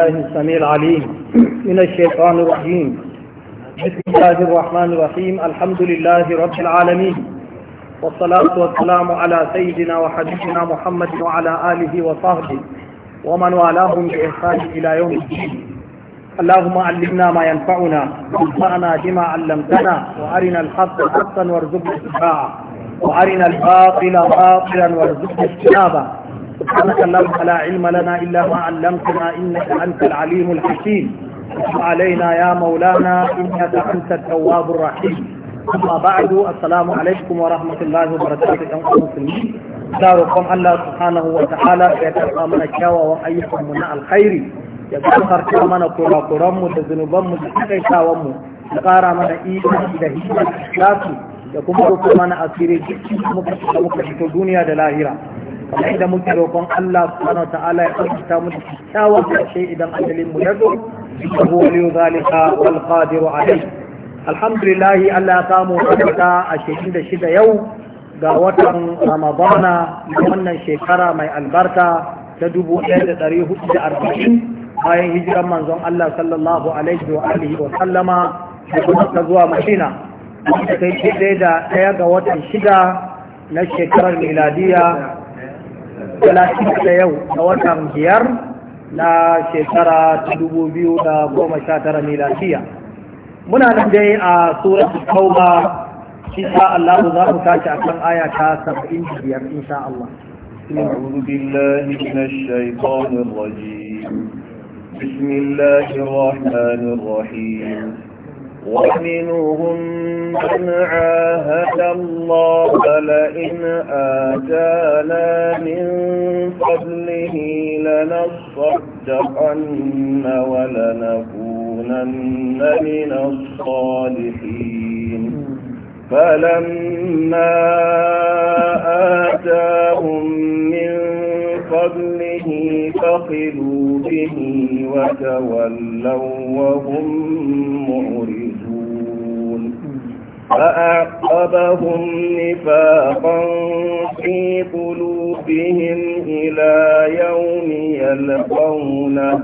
الله السميع العليم من الشيطان الرجيم بسم الله الرحمن الرحيم الحمد لله رب العالمين والصلاة والسلام على سيدنا وحبيبنا محمد وعلى آله وصحبه ومن والاهم بإحسان إلى يوم الدين اللهم علمنا ما ينفعنا وانفعنا بما علمتنا وأرنا الحق حقا وارزقنا اتباعه وأرنا الباطل باطلا وارزقنا اجتنابه سبحانك اللهم لا علم لنا إلا ما علمتنا إنك أنت العليم الحكيم علينا يا مولانا إنك أنت التواب الرحيم amma ba'du assalamu alaikum wa rahmatullahi wa barakatuh ɗan uwan musulmi da roƙon Allah subhanahu wa ta'ala ya karɓa mana kyawawan ayyukan mu na alkhairi ya gafarta mana kurakuran mu da zunuban mu da takaitawan mu ya ƙara mana da da kuma mana muka fito duniya da lahira kamar da muke roƙon Allah subhanahu ta'ala ya kwanta mu da kyakkyawan ƙarshe idan ajalin mu ya zo innahu waliyu zalika wal qadiru alayh alhamdulillah Allah ya samu sadaka a cikin da shida yau ga watan Ramadana wannan shekara mai albarka ta dubu ɗaya da hudu da arba'in bayan hijiran manzon Allah sallallahu alaihi wa alihi wa sallama da kuma zuwa Madina. Kai da ɗaya ga watan shida na shekarar miladiya talatin da yau a watan biyar na shekara ta dubu biyu da goma sha tara lafiya? muna nan dai a surat tauba sa Allah za mu tashi akan aya ta 75 insha Allah أعوذ بالله من الشيطان الرجيم بسم الله الرحمن الرحيم ومنهم من عاهد الله لئن آتانا من فضله لنصدقن ولنكونن من الصالحين فلما آتاهم من فضله فخلوا به وتولوا وهم معرضون فأعقبهم نفاقا في قلوبهم إلى يوم يلقونه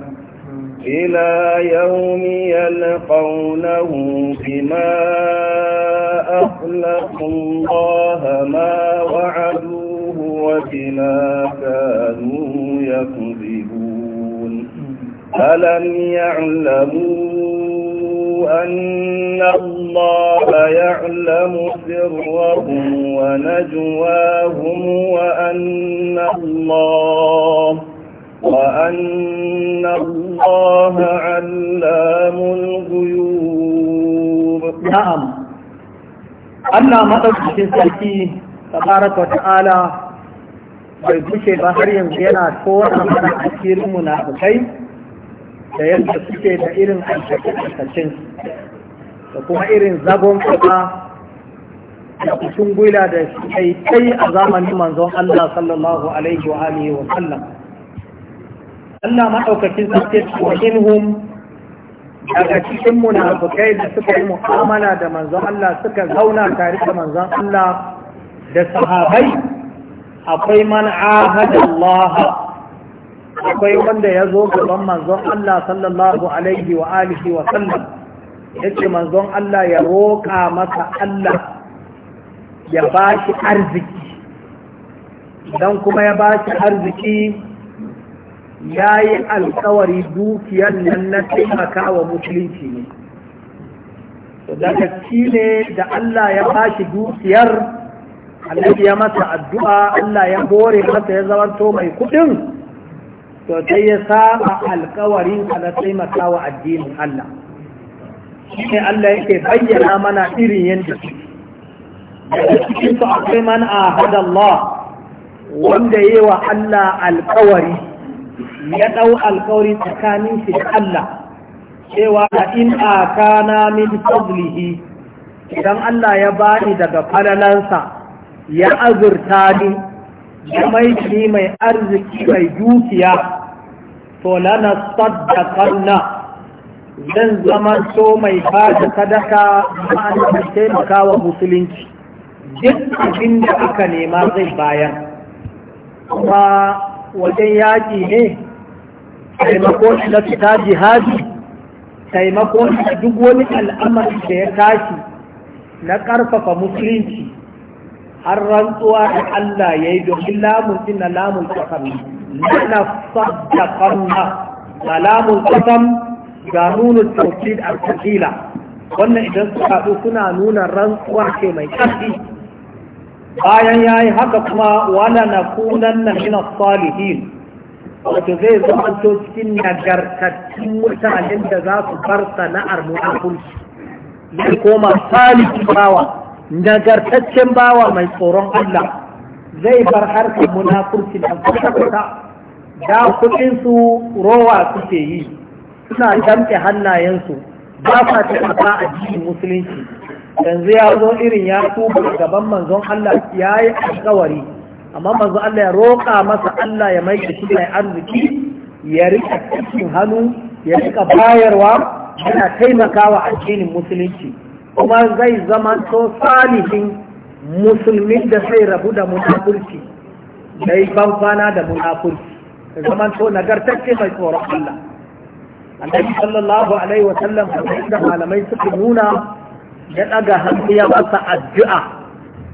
إلى يوم يلقونه بما أخلقوا الله ما وعدوه وبما كانوا يكذبون ألم يعلمون أن الله يعلم سرهم ونجواهم وأن الله وأن الله علام الغيوب نعم أنا ما أدرك سيدي تبارك وتعالى بل بشي بحرين جينا تورا من أكثر منافقين da yadda suke da irin aikace da kuma irin zagon kasa da kushin gwila da kai kai a zamanin manzon Allah sallallahu alaihi wa alihi wa sallam Allah madaukakin sarki wa minhum daga cikin munafikai da suka yi mu'amala da manzon Allah suka zauna tare da manzon Allah da sahabai akwai man ahada Allah akwai wanda ya zo gaban manzon Allah sallallahu alaihi wa alihi wa sallam yace manzon Allah ya roƙa masa Allah ya ba shi arziki don kuma ya ba shi arziki ya yi alkawari dukiyar nan na taimaka wa musulunci ne daga ne da Allah ya ba shi dukiyar Allah ya masa addu'a Allah ya bore masa ya zamanto mai kudin to sai ya saba alkawarin ka na taimaka wa addinin Allah shi Allah yake bayyana mana irin yadda daga cikin su akwai man ahad Allah wanda yi wa Allah alkawari ya dau alkawari tsakanin shi da Allah cewa da in akana min fadlihi idan Allah ya bani daga falalansa ya azurta ni ya mai arziki mai dukiya to lana saddaƙarna zan zama so mai ba da sadaka ma'ana taimaka wa musulunci duk abin da aka nema zai bayan kuma wajen yaƙi ne taimako na fita jihadi taimako na duk wani al'amari da ya tashi na ƙarfafa musulunci har rantsuwa da Allah ya yi domin lamun na lamun takarni lana saddaqanna kalamul qasam ga nunu tawkid al-thaqila wannan idan suka haɗu suna nuna rantsuwa ce mai ƙarfi bayan ya yi haka kuma wala na kunan na min salihin wato zai zama to cikin nagartattun mutanen da za su bar sana'ar munafurci zai koma saliki bawa nagartaccen bawa mai tsoron Allah zai bar harkar munafurci. da kwata da kuɗinsu rowa suke yi suna damke hannayensu ba sa taimaka a jikin musulunci yanzu ya zo irin ya tuba gaban manzon Allah ya yi alkawari amma manzon Allah ya roƙa masa Allah ya maida shi mai arziki ya rika cikin hannu ya rika bayarwa yana taimakawa addinin musulunci kuma zai zama to salihin musulmin da sai rabu da munafurci da yi banfana da munafurci da zaman to nagartacce mai tsoron Allah annabi sallallahu alaihi wa sallam da malamai suka nuna ya daga hannu ya masa addu'a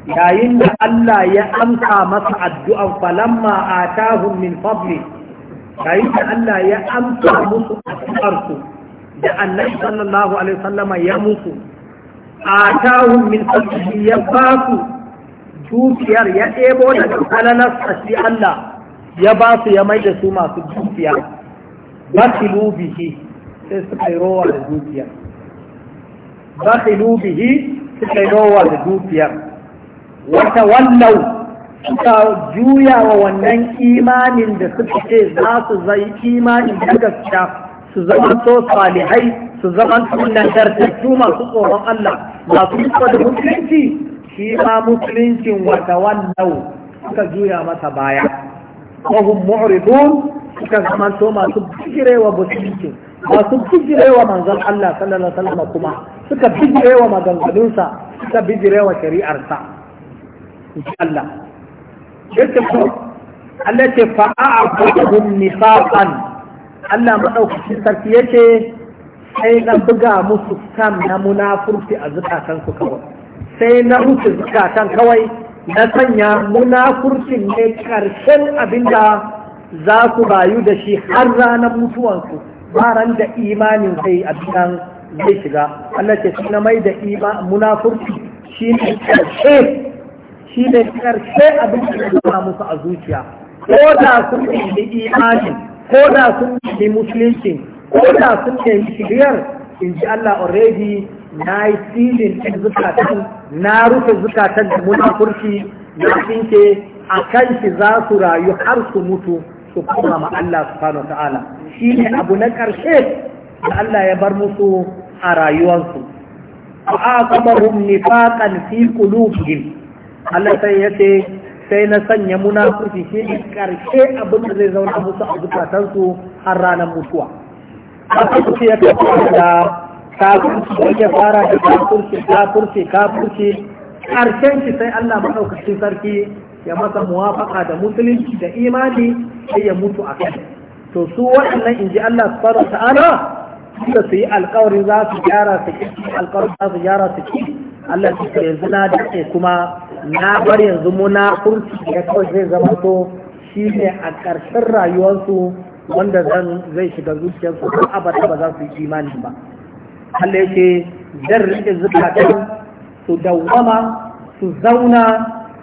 yayin da Allah ya amsa masa addu'a, falamma atahum min fadli yayin da Allah ya amsa musu addu'arsu da annabi sallallahu alaihi wa sallama ya musu atahum min fadlihi ya ba su dukiyar ya ɗebo daga alalar sashi Allah ya ba su ya mai da su masu dukiya bakilu bihi sai suka yi rowa da dukiyar bakilu bihi suka yi rowa da dukiyar wata wallau suka juya wa wannan imanin da suka ce za su zai imanin da gaskiya su zama to salihai su zama to nagartattu masu tsoron Allah masu tsoron da musulunci shi ma musuluncin wata wallau suka juya masa baya wahum mu'ridun suka zama to masu bijirewa musulunci masu bijirewa manzon Allah sallallahu alaihi wasallam kuma suka bijirewa maganganunsa suka bijirewa shari'arsa insha Allah yake Allah ce fa'a'abuhum nifaqan Allah maɗaukacin sarki yace sai na buga musu kan na munafurci a su kawai sai na rufe zukatan kawai na sanya munafurcin ne karshen da za ku rayu da shi har ranar mutuwansu ba ran da imanin zai abinan zai shiga Allah ce na mai da munafurci shi ne karshe shi ne karshe abin da musu a zuciya ko da sun yi imanin ko da sun nemi musulunci ko da sun nemi shiriyar in ji Allah already na yi filin ɗin zukatan na rufe zukatan da munafurci na tsinke a kan shi za su rayu har su mutu su koma ma Allah subhanahu ta'ala shi ne abu na ƙarshe da Allah ya bar musu a rayuwarsu a aqabahum nifaqan fi qulubihim Allah sai yace sai na sanya munafurci shi ne karshe abin da zai zauna musu a zukatansu har ranar mutuwa kafurci ya kafa da kafurci da ya fara da kafurci kafurci kafurci karshen shi sai Allah maɗaukacin sarki ya masa muwafaka da musulunci da imani sai ya mutu a kai to su waɗannan in ji Allah su wa ta'ala su yi alƙawarin za su gyara su ki alƙawarin za su gyara su ki Allah shi ke yanzu na dace kuma na bar yanzu munafurci ya kawai zai zama to shi ne a ƙarshen rayuwarsu wanda zan zai shiga zuciyarsu ko abada ba za su yi imani ba Allah yake zan rike zukatan su dawwama su zauna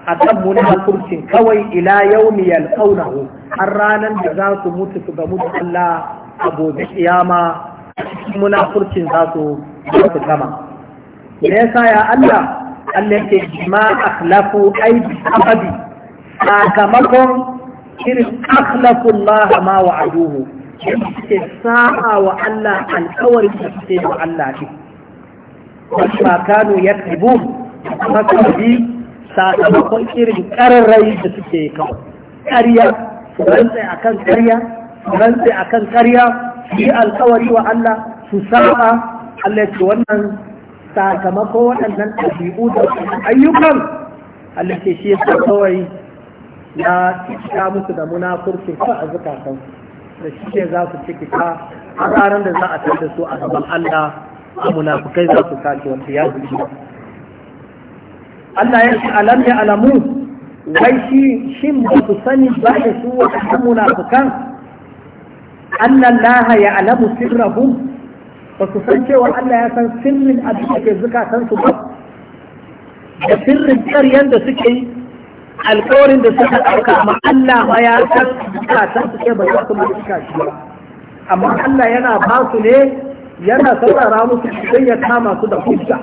a kan munafurcin kawai ila yaumi yalqawnahu har ranar da za su mutu su gamu da Allah a gobe kiyama munafurcin za su gama me yasa ya Allah Allah yake ma akhlafu aidi abadi sakamakon irin akhlafu Allah ma wa'aduhu ke sa'a wa Allah alkawari da suke wa Allah ne wasu makano ya tribu makabi sakamakon irin ƙararrai da suke kawai ƙarya su rantse a kan ƙarya su rantse a kan ƙarya su yi alkawari wa Allah su sa'a Allah ce wannan sakamako waɗannan ɗabi'u da ayyukan Allah ke shi yasa kawai ya cika musu da munafurcin ko a zukatan da shi ne za su ciki ka a ranar da za a tar da su a gaban Allah a munafukai za su kace wanda ya zuci Allah ya ce alam ya alamu wai shi shin ba su sani ba da su waɗannan munafukan Allah ya alamu sirrahum ba su san cewa Allah ya san sirrin abin da ke zukatansu ba da sirrin ƙaryar da suke yi alƙawarin da suka ɗauka amma Allah ma ya san zukatansu ke ba za su ma shi ba amma Allah yana ba su ne yana saurara musu sai ya kama su da hujja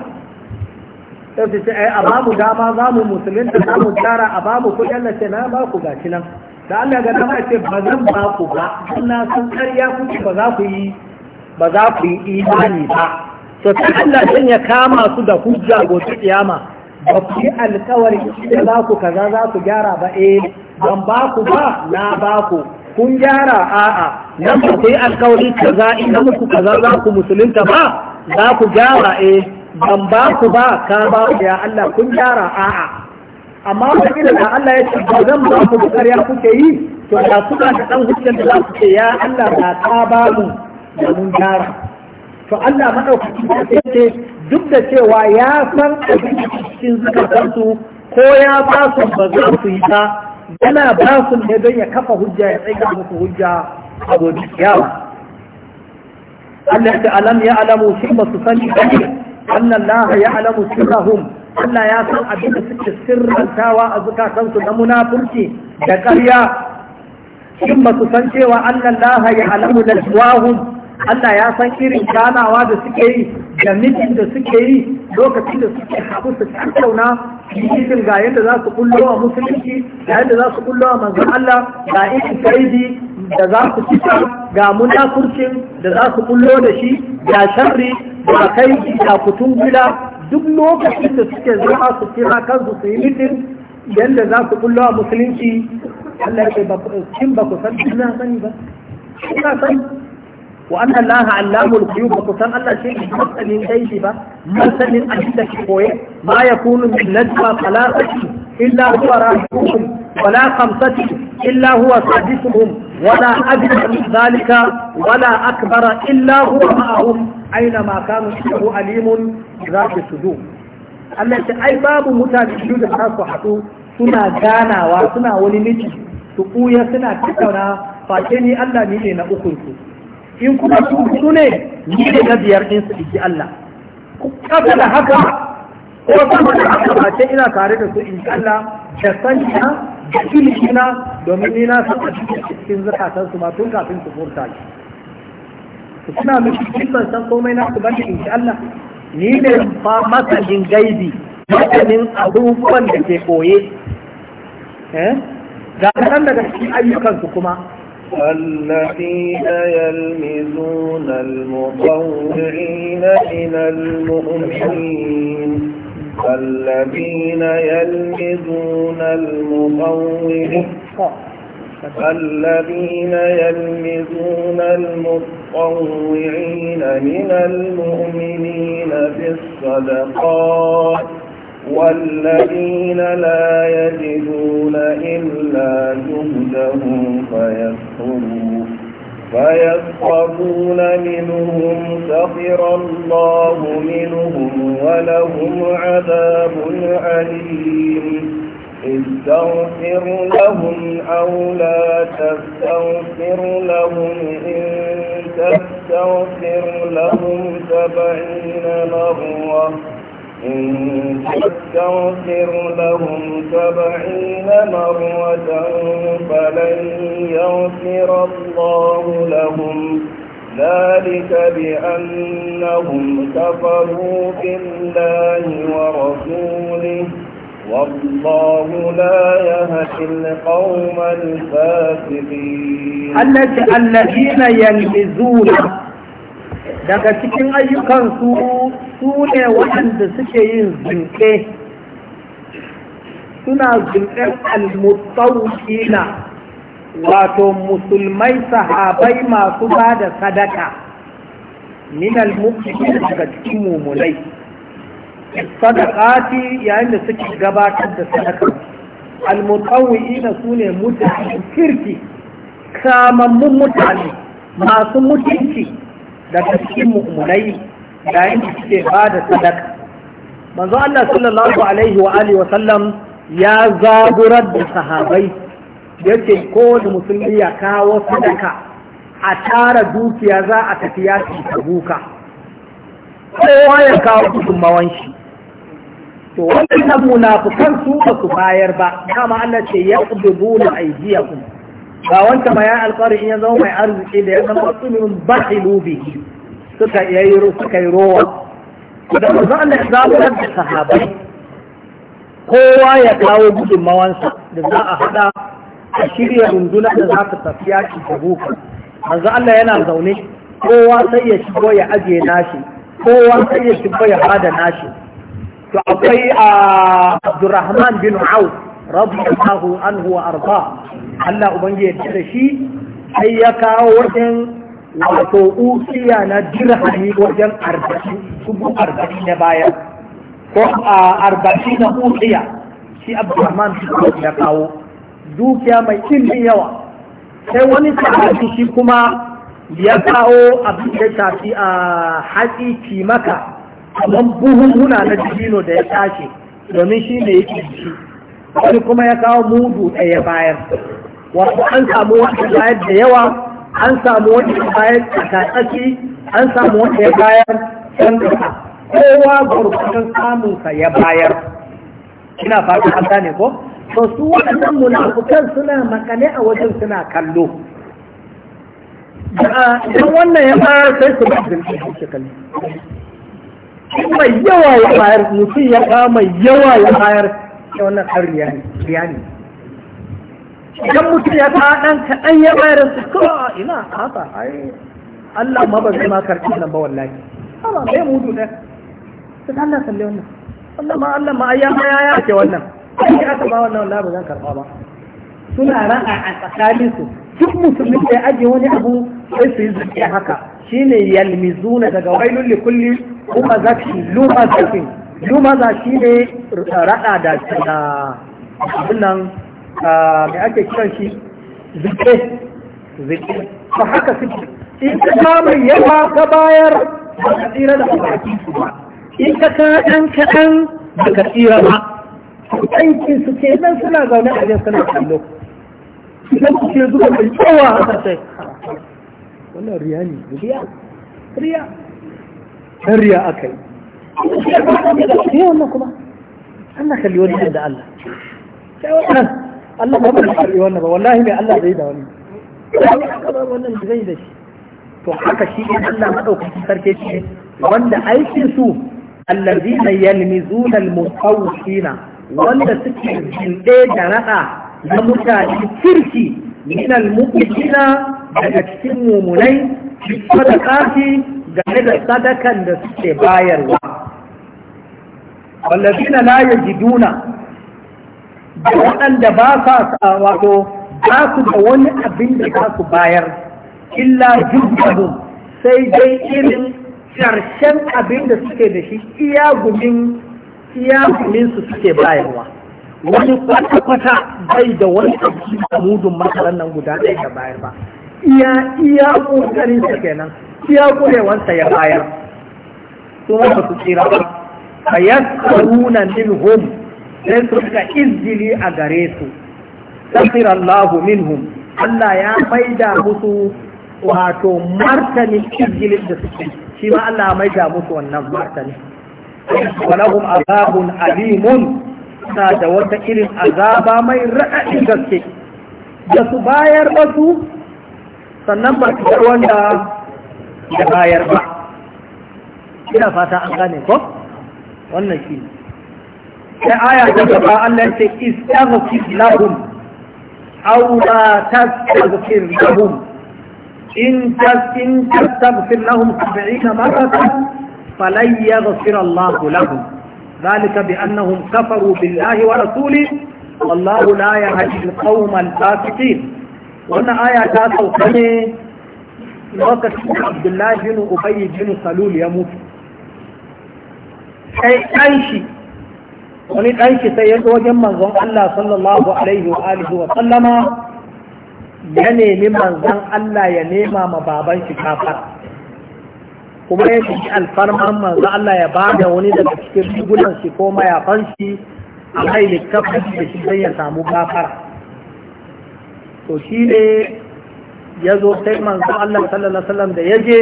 sai su ce a ba mu dama za mu musulunta za mu tara a ba mu kuɗi na ce na ba ku gashi nan da Allah ga dama ce ba zan ba ku ba na san ƙarya kuke ba za ku yi ba za ku yi imani ba to sai Allah din ya kama su da hujja gobe kiyama ba ku yi alkawari da za ku kaza za ku gyara ba eh ban ba ku ba na ba ku kun gyara a'a nan ba ku yi alkawari kaza ina muku kaza za ku musulunta ba za ku gyara eh ban ba ku ba ka ba ya Allah kun gyara a'a amma wata da Allah ya ce ba zan ba ku ƙarya kuke yi to da su ba da ɗan hujjar da za ku ce ya Allah ba ta ba mu da mun gyara to Allah maɗaukaki da ce duk da cewa ya san cikin zukatansu ko ya ba su ba za su yi ta yana ba su ne don ya kafa hujja ya tsaye musu hujja a gobe yawa Allah ta alam ya alamu shi ba su sani ba ne Allah ya alamu sirrahum Allah ya san abin da suke sirrantawa a zukatansu na munafurci da ƙarya shin ba su san cewa Allah ya alamu da shuwahum Allah ya san irin ganawa da suke yi da mijin da suke yi lokacin da suke haɗu su tattauna cikin ga yadda za su kullo a musulunci ga yadda za su kullo a manzon Allah ga irin kaidi da za su ci, ga munafurcin da za su kullo da shi ga sharri ga kai ga kutungula duk lokacin da suke zama su kira kansu su yi mitin yadda za su kullo a musulunci Allah ya ba ku san na sani ba na sani wa laha allaha allamul ghuyub ba san Allah shi ne masanin gaibi ba masanin abin da ke koye ma yakunu min najwa thalathati illa huwa wala khamsati illa huwa sadisuhum wala adna min dhalika wala akbara illa huwa ma'ahum aina ma kanu innahu alimun bi dhati sudur Allah ya ai babu mutane biyu da za su haɗu suna ganawa suna wani miji su suna tattauna face ni Allah ni ne na in kuma su hudu ne ni ne na biyar din su iki Allah kasa da haka ko sama da haka ba ce ina tare da su in Allah da na, da ilimina domin ni na san a cikin zakatan su ma tun kafin su furta su, suna miki cikin san komai na su bane in Allah ni ne ba masanin gaibi masanin abubuwan da ke koye eh? ga kaɗan daga cikin ayyukansu kuma الذين يلمزون المطوعين من المؤمنين الذين يلمزون المطوعين الذين يلمزون المطوعين من المؤمنين في الصدقات والذين لا يجدون إلا جهدهم فيسخرون فيسخرون منهم سخر الله منهم ولهم عذاب أليم استغفر لهم أو لا تستغفر لهم إن تستغفر لهم سبعين مرة إن تستغفر لهم سبعين مرة فلن يغفر الله لهم ذلك بأنهم كفروا بالله ورسوله والله لا يهدي القوم الفاسقين الذين ينهزون daga cikin ayyukansu su ne waɗanda suke yin zinke suna zinken na wato musulmai sahabai masu ba da sadaka min almutsauƙi daga cikin mumulai sadakati yayin da suke gabatar da sadaka almutsauƙina su ne mutane kirki kamammun mutane masu mutunci daga cikin mu'minai yayin da suke ba da sadaka manzo Allah sallallahu alaihi wa alihi wa sallam ya zagurar da sahabai yace da musulmi ya kawo sadaka a tara dukiya za a tafi yaki buka. kowa ya kawo mawan shi to wannan munafikan su ba su bayar ba dama Allah ce ya kudubu ba wanta ma ya alƙari in ya zama mai arziki da ya zama tsumin bahilu bihi suka yayi suka yi rowa da manzo Allah ya zaburar da sahabai kowa ya kawo gudunmawansa da za a hada a shirya runduna da za ta tafi yaki da buka manzo Allah yana zaune kowa sai ya shigo ya ajiye nashi kowa sai ya shigo ya hada nashi to akwai a ah, Abdurrahman bin Auf radiyallahu anhu wa arda Allah ubangi ya da shi sai ya kawo wajen wato usiya na dirhami wajen arba'in dubu arba'in na baya ko a arba'in na usiya shi kuma ya kawo dukiya mai cikin yawa sai wani sahabi shi kuma ya kawo abin da shafi a hatsi kimaka kamar buhunhuna na dino da ya tashi domin shi ne yake shi wani kuma ya kawo mudu ɗaya bayan wato an samu wata bayar da yawa an samu wanda bayar da tsakatsaki an samu wanda ya bayar can kowa samun samunsa ya bayar ina fata an ne ko to su waɗannan munafukan suna makale a wajen suna kallo idan wannan ya bayar sai su bar zirgin shi kalli mai yawa ya bayar mutum ya ba mai yawa ya bayar ya wannan ne riya ne idan mutum ya ta ɗan kaɗan ya bayar su ko ina haka ai Allah ma ba zai ma karfi nan ba wallahi Allah bai mutu ne sai Allah salle wannan Allah ma Allah ma ayya ma ya ake wannan sai aka ba wannan wallahi ba zan karɓa ba suna ra'a a tsakanin su duk musulmi da ya ajiye wani abu sai su yi zuciya haka shine yalmizuna daga wailul likulli kuma zaki luma zaki luma za shine raɗa da abin nan Ah, mai ake kiran shi zike zike ta haka suke in ka kama yawa ka bayar ba ka tsira da baki su ba in ka kaɗan kaɗan ba ka tsira ba aikin su ke nan suna zaune a jin suna kallo idan ku ke zuba mai tsawa a sasai wannan riya ne riya riya dan riya aka yi wannan kuma Allah kalli wani da Allah sai wannan Allah ba ba karbi wannan ba wallahi mai Allah zai da wani wannan zai da shi to haka shi ne Allah madaukaki sarki shi wanda aikin su allazina yalmizuna almutawqina wanda suke jinde da rada na mutane kirki min almu'minina daga cikin mumunai sadaqati game da sadakan da suke bayarwa wallazina la yajiduna da waɗanda ba sa wato ba su da wani abin da za su bayar illa jubbahu sai dai irin ƙarshen abin da suke da shi iya gumin iya gumin su suke bayarwa wani kwata-kwata bai da wani abu da mudun nan guda ɗaya da bayar ba iya iya ƙoƙarin sa kenan iya ƙurewansa ya bayar su ba su tsira ba fa yaskaruna home sai su ka izini a gare su safir Allahu minhum Allah ya maida musu wato martani izgilin da suke shi ma Allah ya maida musu wannan martani walahum azabun alimun na da wata irin azaba mai raɗaɗi gaske da su bayar ba su sannan ba su wanda da bayar ba ina fata an gane ko wannan shi ne sai aya ta gaba Allah ce istaghfir lahum aw la tastaghfir lahum in in tastaghfir lahum 70 maratan falan yaghfir Allah lahum ذلك بأنهم كفروا بالله ورسوله والله لا يهدي القوم الفاسقين وانا آية تاسو كني وقت عبد الله بن أبي بن سلول يموت أي أي شيء wani ɗanki sai ya wajen manzon Allah sallallahu alaihi wa alihi wa sallama ya nemi manzon Allah ya nema ma baban shi kafar kuma ya shi alfarman manzon Allah ya ba da wani daga cikin rigunan shi ko mayafan shi a kai littafin da shi sai ya samu kafar to shi ne ya zo sai manzon Allah sallallahu alaihi wa sallam da ya je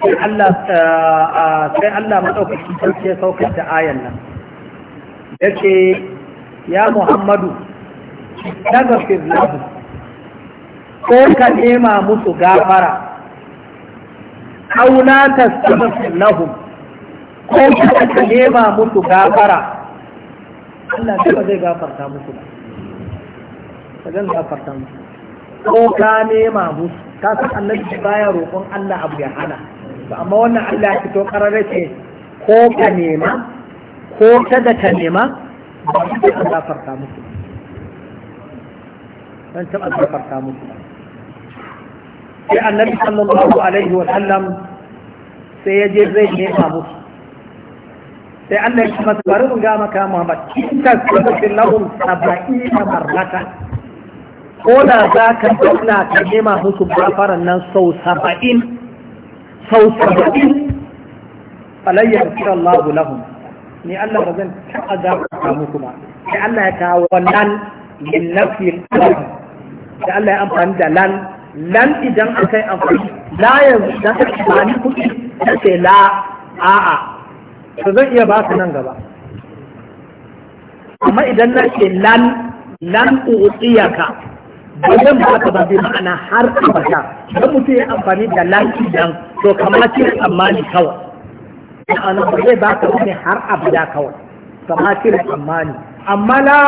sai Allah eh, eh, sai Allah madaukaki sarki ya da ayan nan yace ya muhammadu daga lahu ko ka nema musu gafara kauna ta saba lahum ko ka nema musu gafara Allah ba zai gafarta musu ba ta zan gafarta musu ko ka nema musu ta san annabi baya roƙon Allah abu ya hana amma wannan Allah ya fito ƙararrake ko ka nema ko kada ka nema ba su taɓa gafarta musu ban taɓa gafarta musu sai annabi sallallahu alaihi wa sallam sai ya je zai nema musu sai Allah ya kuma bari mu ga maka Muhammad in ka sabbi lahum sab'ina marratan ko da za ka zauna ka nema musu gafaran nan sau saba'in sau saba'in falayya Allah lahum ni Allah ba zan taɓa ku samu kuma sai Allah ya kawo wannan min ɗan da Allah ya amfani da lan lan idan aka yi amfani la yanzu dan ka amfani kuɗi ta ce la a'a to zan iya ba su nan gaba amma idan na ce lan lan ka ba zan ba ka ba zai ma'ana har abada Zan mutum ya amfani da lan idan to kamar ce tsammani kawai ma'ana ba zai baka wani har abada kawai kama kira tsammani amma la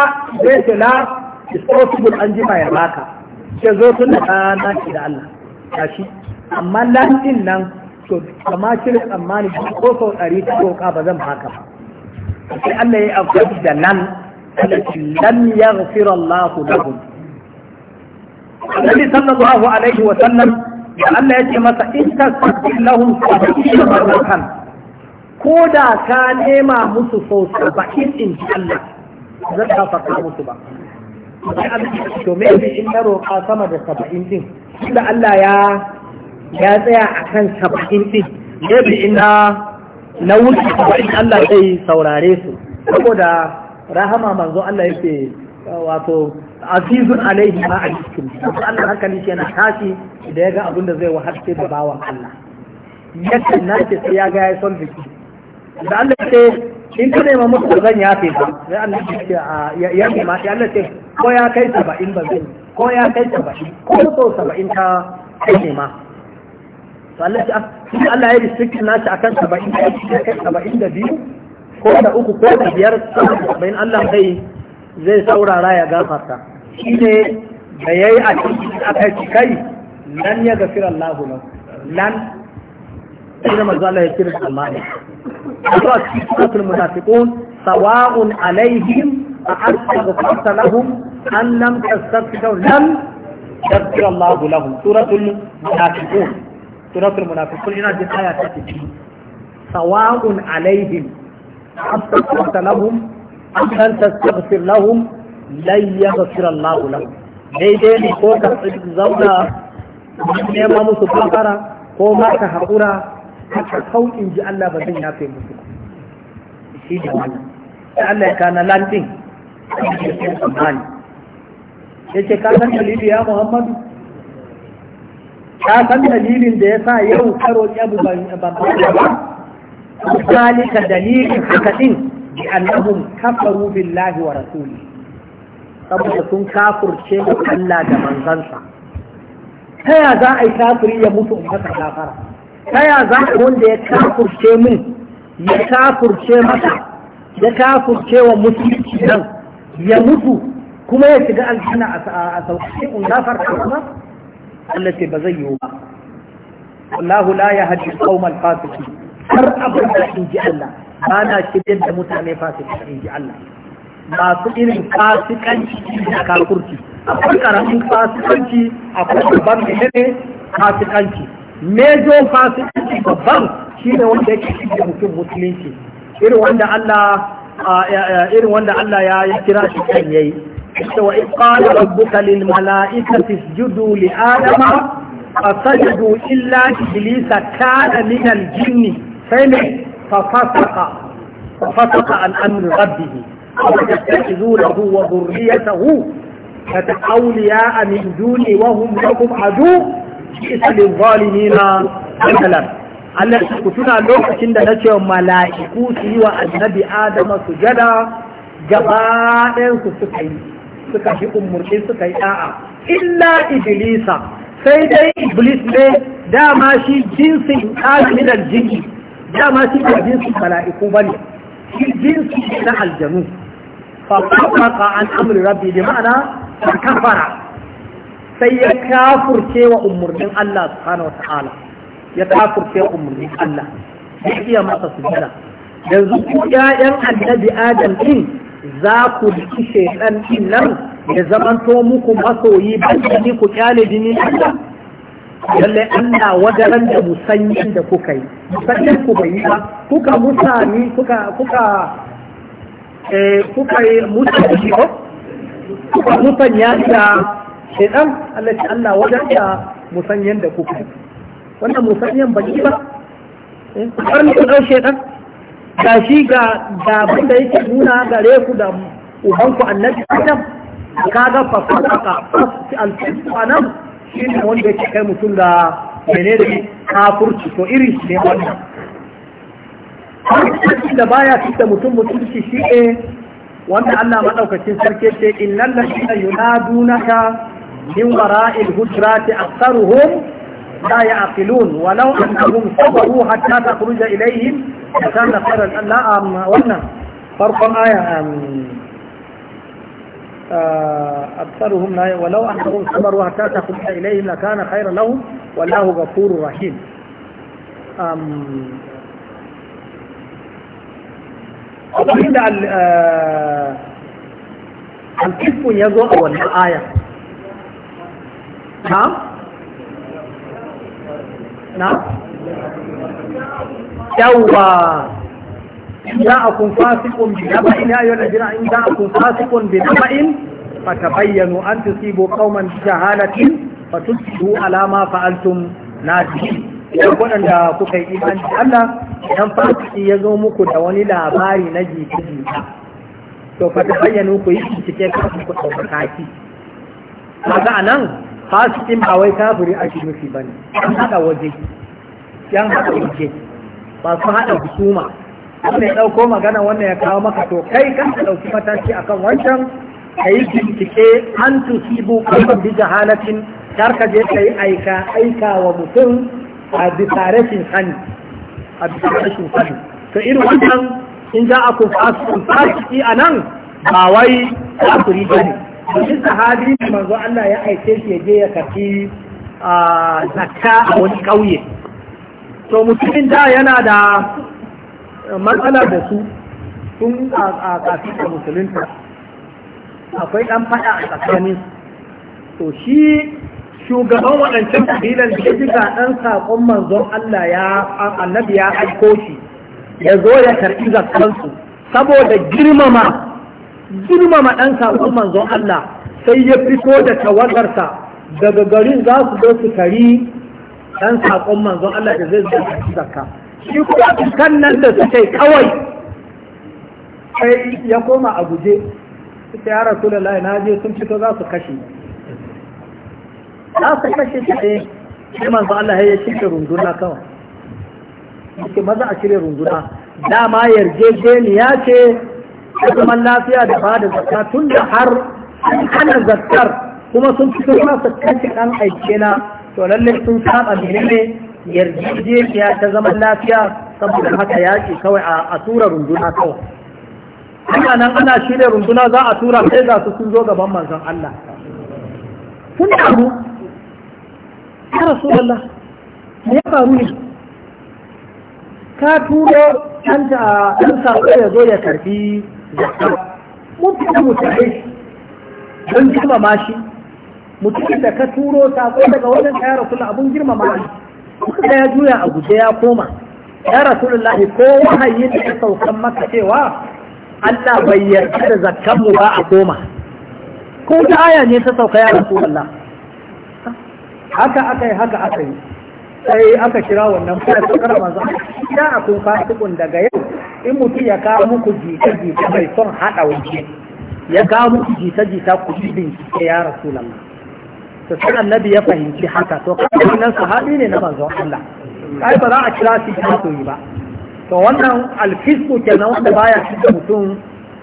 zai ce la is possible an jima ya baka ke zo tun da ɗana shi da Allah ya shi amma la din nan to kama kira tsammani ko sau ɗari ta roƙa ba zan baka ba sai Allah ya yi amfani da nan lam yaghfir Allah lahum Annabi sallallahu alaihi wa sallam Allah ya ce masa in tasbih lahum fa bi ko da ka nema musu sosai ba in ji Allah zan gafarta musu ba to me ne in na roƙa sama da saba'in din da Allah ya ya tsaya a kan saba'in din me bi in na na wuce saba'in Allah zai saurare su saboda rahama manzo Allah yake wato azizun alaihi ma a cikin Allah haka ne yana tashi da ya ga abin da zai wahalce da bawan Allah yakan nace sai ya ga ya son biki da Allah ya ce in ka nema musu zan yafe ba sai Allah ya ce a yafe ma sai Allah ce ko ya kai saba'in ba zai ko ya kai saba'in ko so saba'in ka kai ne ma to Allah ya ce ah, Allah ya restrict nashi akan saba'in ka kai saba'in da biyu ko da uku ko da biyar saba'in Allah zai zai saurara ya gafarta shi ne da yayi a cikin aka ci kai nan ya gafira Allah lahu lan sai da manzo ya kira Allah سورة المنافقون سواء عليهم أأستغفرت لهم أن لم تستغفر لم يغفر الله لهم سورة المنافقون سورة المنافقون هنا دي آية سواء عليهم أستغفرت لهم أم لم تستغفر لهم لن يغفر الله لهم daidai ne ko ka zauna nema musu bakara ko ma ka haƙura haka sauƙin ji Allah ba zan yafe musu ba shi ne wannan Allah ya kana landin tsammani ya ce ka san dalili ya Muhammadu ka san dalilin da ya sa yau karo ya bu ban ban misalika dalilin haka din bi annahum kafaru billahi wa rasuli saboda sun kafurce da Allah da manzansa ta ya za a yi kafiri ya mutu in haka kafara ta ya za wanda ya kafurce min ya kafurce masa ya kafurce wa musulunci nan ya mutu kuma ya shiga aljanna a sauƙaƙe in farka kuma Allah ce ba zai yiwu ba Allah la ya haɗi qaumal fasiki har da in ji Allah ba na shigar da mutane fasiki in ji Allah masu irin fasikanci da kafurci akwai karamin fasikanci akwai babban ne fasikanci mejo fasikanci babban shi ne wanda yake shi mutum musulunci irin wanda Allah irin wanda Allah ya kira shi kan yayi wa qala rabbuka lil mala'ikati isjudu li adama fasajudu illa iblisa kana min al jinni sai ne fafasaqa fafasaqa an amri rabbih فتتخذونه وذريته أولياء من دوني وهم لكم عدو isa lil zalimina amsalan Allah ku tuna lokacin da nace mala'iku su yi wa annabi Adama su gada. ɗayan su suka yi suka bi umurci suka yi ɗa'a. illa iblisa sai dai iblis ne dama shi jinsin kamilan jini dama shi ba jinsin mala'iku bane shi jinsi na aljanu fa kafa an amri rabbi bi ma'ana kafara sai ya kafurce wa umarnin Allah subhanahu wata'ala ya kafurce wa umarnin Allah ya iya masa sujada yanzu ku ƴaƴan annabi Adam din za ku riki shaitan din nan ya zamanto muku masoyi ba ni ku kyale jini Allah lalle Allah wadaran da musanyin da kuka yi musanyin ku bai yi ba kuka musani kuka kuka eh, kuka yi musani ko kuka musanya da shedan Allah ce Allah wajen da musanyen da kuka wannan musanyen ba ba eh, har ku dau shedan ga shi ga gaban da yake nuna gare ku da ubanku annabi Adam kaga fa fasaka al-fitu nan shi ne wanda yake kai mutum da menene kafurci to iri ne wannan da baya fita mutum mutunci shi ne wanda Allah maɗaukacin sarki ce innal ladina yunadunaka من وراء الهجرات أكثرهم لا يعقلون ولو أنهم صبروا حتى تخرج إليهم لكان خيرا لا أم ونا فرق آية أم آه، أكثرهم لا ولو أنهم صبروا حتى تخرج إليهم لكان خيرا لهم والله غفور رحيم أم وعند الكف آه، يزوء والآية na? na? yawwa za a kun fasikun bi naba'in ya yi jira in za a kun fasikun bi naba'in فتبينوا أن تصيبوا قوما بجهالة فتصبحوا على ما فعلتم نادمين waɗanda kuka yi imani da Allah idan fasiki ya zo muku da wani labari na jita-jita to fa ta bayyana ku yi bincike kafin ku ɗauka kaki kaga anan fasikin ba wai kafiri ake nufi bane an haɗa waje yan haɗa waje ba su haɗa hukuma wannan mai ɗauko magana wannan ya kawo maka to kai kan ka ɗauki mataki kan wancan ka yi bincike an tusibu kalmar bi jahalatin kar ka je ka yi aika aika wa mutum a bisa rashin sani a bisa rashin sani to irin wannan in za a ku fasikin fasiki a nan ba wai kafiri ba ne wani sahabi ne manzo Allah ya aice shi ya je ya karfi a zakka a wani ƙauye to mutumin da yana da matsala da su tun a kafin da musulunta akwai ɗan faɗa a tsakanin to shi shugaban waɗancan kabilan da ya ga ɗan saƙon manzon Allah ya annabi ya aiko shi ya zo ya karɓi zakkansu saboda girmama girmama ɗan saƙon manzon Allah sai ya fito da tawagarsa daga garin za su zo su kari ɗan saƙon manzon Allah da zai zai zaka, shi kuma kan nan da suke kawai sai ya koma a guje suka yara rasu da lai na je sun fito za su kashe za su kashe su ne sai manzon Allah ya cire runduna kawai yake maza a cire runduna dama yarjejeniya ce da zaman lafiya da ba da zakka tun da har ana zakkar kuma sun fi kuma su kashe ɗan aiki na to lallai sun saba menene yarjejeniya ta zaman lafiya saboda haka yaƙi kawai a tura runduna kawai ana nan ana shirya runduna za a tura sai ga su sun zo gaban manzon Allah sun abu ya rasu Allah ya faru ne ka turo ɗan saƙo ya zo ya karfi zakka mutum mutane don girmama shi mutum da ka turo sako daga wajen ka ya rasulullah abun girmama shi kuka ya juya a guje ya koma ya rasulullah ko wahayi da ya saukan maka cewa Allah bai yarda da zakkan mu ba a koma ko ta aya ne ta sauka ya rasulullah haka aka yi haka aka yi sai aka kira wannan fara sakar manzo ya akun fasikun daga yau in mutum ya kawo muku jita jita mai son hada waje ya kawo muku jita jita ku yi bincike ya rasulullah to sai annabi ya fahimci haka to kawai nan sahabi ne na manzon Allah ai ba za a kira shi da yi ba to wannan alfisku kenan wanda baya cikin mutum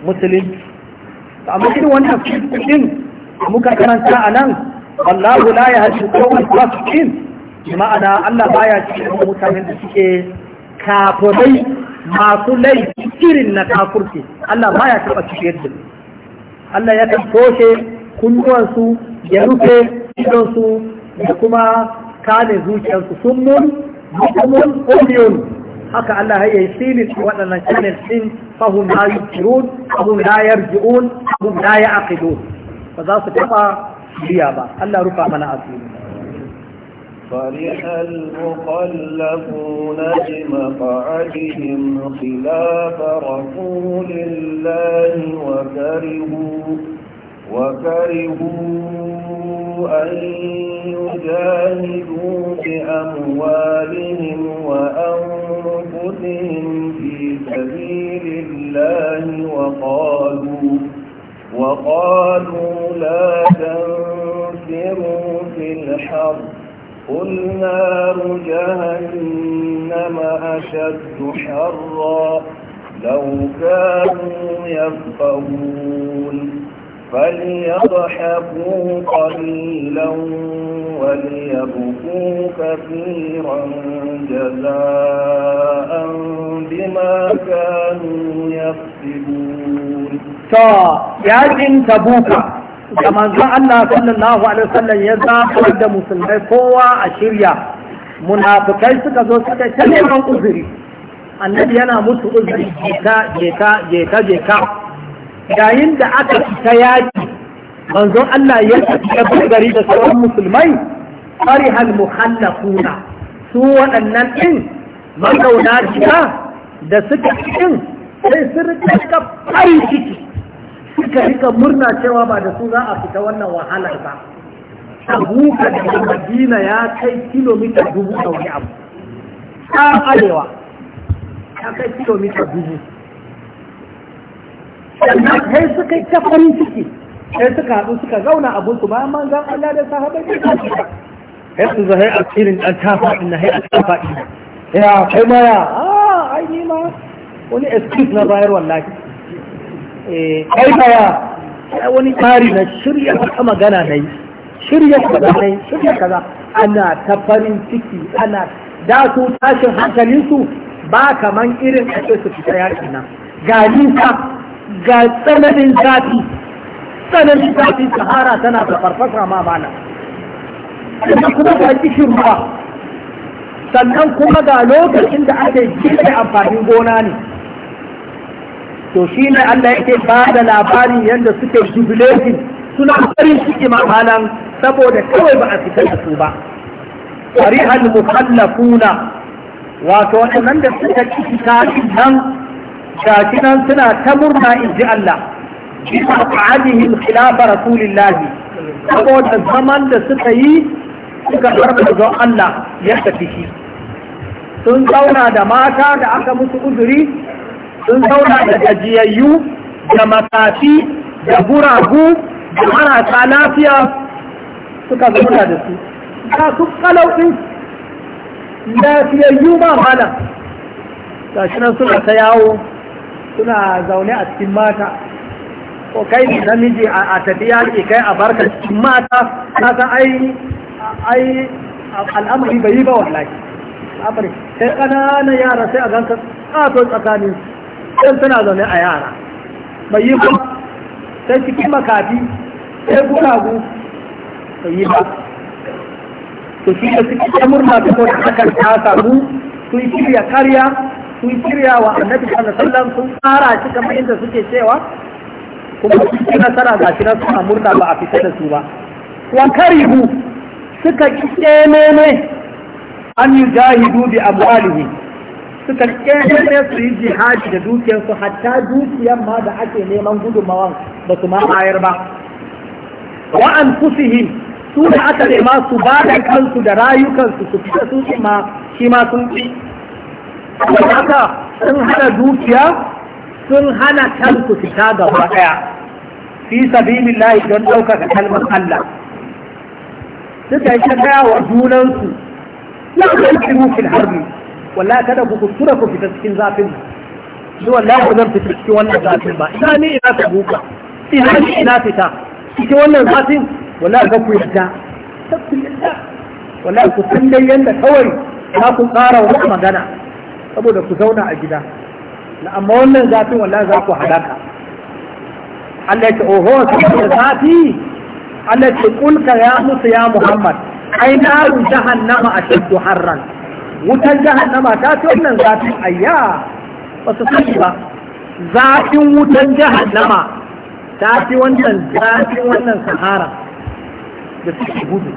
musulunci amma irin wannan fisku din muka karanta a nan wallahu la yahdi qawman fasiqin ma'ana Allah baya cikin mutanen da suke kafirai masu laifi irin na kafurci Allah baya taba cikin yadda Allah ya kan toshe kunnuwansu ya rufe idonsu da kuma kane zuciyarsu sun mun mutumun oliyon haka Allah ya yi silin waɗannan channel ɗin fahun la yukirun fahun la yarji'un na la ya'qilun ba za su taɓa biya ba Allah rufa mana asiri فرح المخلفون بمقعدهم خلاف رسول الله وكرهوا وكرهوا أن يجاهدوا بأموالهم وأنفسهم في سبيل الله وقالوا وقالوا لا تنفروا في الحرب قل نار جهنم أشد حرا لو كانوا يفقهون فليضحكوا قليلا وليبكوا كثيرا جزاء بما كانوا يفسدون. تا يا تبوك da manzon Allah sallallahu alaihi wasallam ya zaɓar da musulmai kowa a shirya munafukai suka zo suka ta neman uzuri annabi yana mutu uzuri jeka jeka jeka jeka yayin da aka fita yaki manzon Allah ya tafi gari da sauran musulmai farihal muhallafuna su waɗannan in mazauna shiga da suka ɗin sai sun rika farin ciki suka rika murna cewa ba da su za a fita wannan wahalar ba tabuka da madina ya kai kilomita dubu a wani abu ta arewa ya kai kilomita dubu sannan sai suka yi ta farin ciki sai suka haɗu suka zauna abin su bayan manzan Allah da sahabai ne kai su zai a cikin ɗan tafa ɗin na a tafa ɗin ya kai maya a ah, ai ma wani excuse na bayar wallahi kai eh, baya wani tsari na shirya ta magana na yi shirya kaza na yi shirya kaza ana ta farin ciki ana da su tashin hankalinsu ba kaman irin ake su fita yaƙi na. ga nisa ga tsananin zafi tsananin zafi sahara tana da farfasa ma mana da kuma ga kishin ruwa sannan kuma ga lokacin da ake jirgin amfanin gona ne to shi ne Allah yake ba da labarin yadda suke jubilating suna farin ciki mahalan saboda kawai ba a fitar da su ba farihal mukallafuna wato waɗannan da suka ciki kafin nan gashi nan suna ta murna in ji Allah bi ta'adihim khilafa rasulillah saboda zaman da suka yi suka farka zon Allah yadda tafi sun zauna da mata da aka musu uzuri sun zauna da gajiyayyu da matafi, da guragu da marasa lafiya suka zauna da su ta su kalau ɗin lafiyayyu ba mana ga shi nan suna ta yawo suna zaune a cikin mata ko kai namiji a tafiya ne kai a barka cikin mata ta ta ai ai al'amari bai yi ba wallahi sai ƙananan yara sai a ganka tsato tsakaninsu ɗan suna zaune a yara bai yi ba sai cikin makafi sai guragu bai yi ba to shi da suke ta murna ta ko ta ta samu sun shirya karya sun shirya wa annabi sallallahu alaihi wasallam sun tsara shi kamar inda suke cewa kuma cikin nasara ga shi na suna murna ba a fita da su ba wa karibu suka ki tsenene an yi jahidu bi amwalihim suka kene su yi jihadi da dukiyarsu hatta dukiyar ma da ake neman gudunmawan ba su ma bayar ba wa an su da aka nema su ba da kansu da rayukansu su fita su su ma shi ma sun fi haka sun hana dukiya sun hana kansu fita gaba daya fi layi don ɗaukaka kalmar Allah suka yi ta wa junansu la harbi wallahi kada ku kuskura ku fita cikin zafin mu ni wallahi ba zan fita cikin wannan zafin ba ina ni ina ta buka ina ni ina fita cikin wannan zafin wallahi ga ku yadda wallahi ku san dai yanda kawai za ku tsara wata magana saboda ku zauna a gida amma wannan zafin wallahi za ku halaka Allah ya ce oho sai zafi Allah ya ce kulka ya musu ya Muhammad ai naru jahannama ashaddu harran wutar jahannama ta fi wannan zafin ayya ba su sani ba zafin wutar jahannama ta fi wannan zafin wannan sahara da suke gudu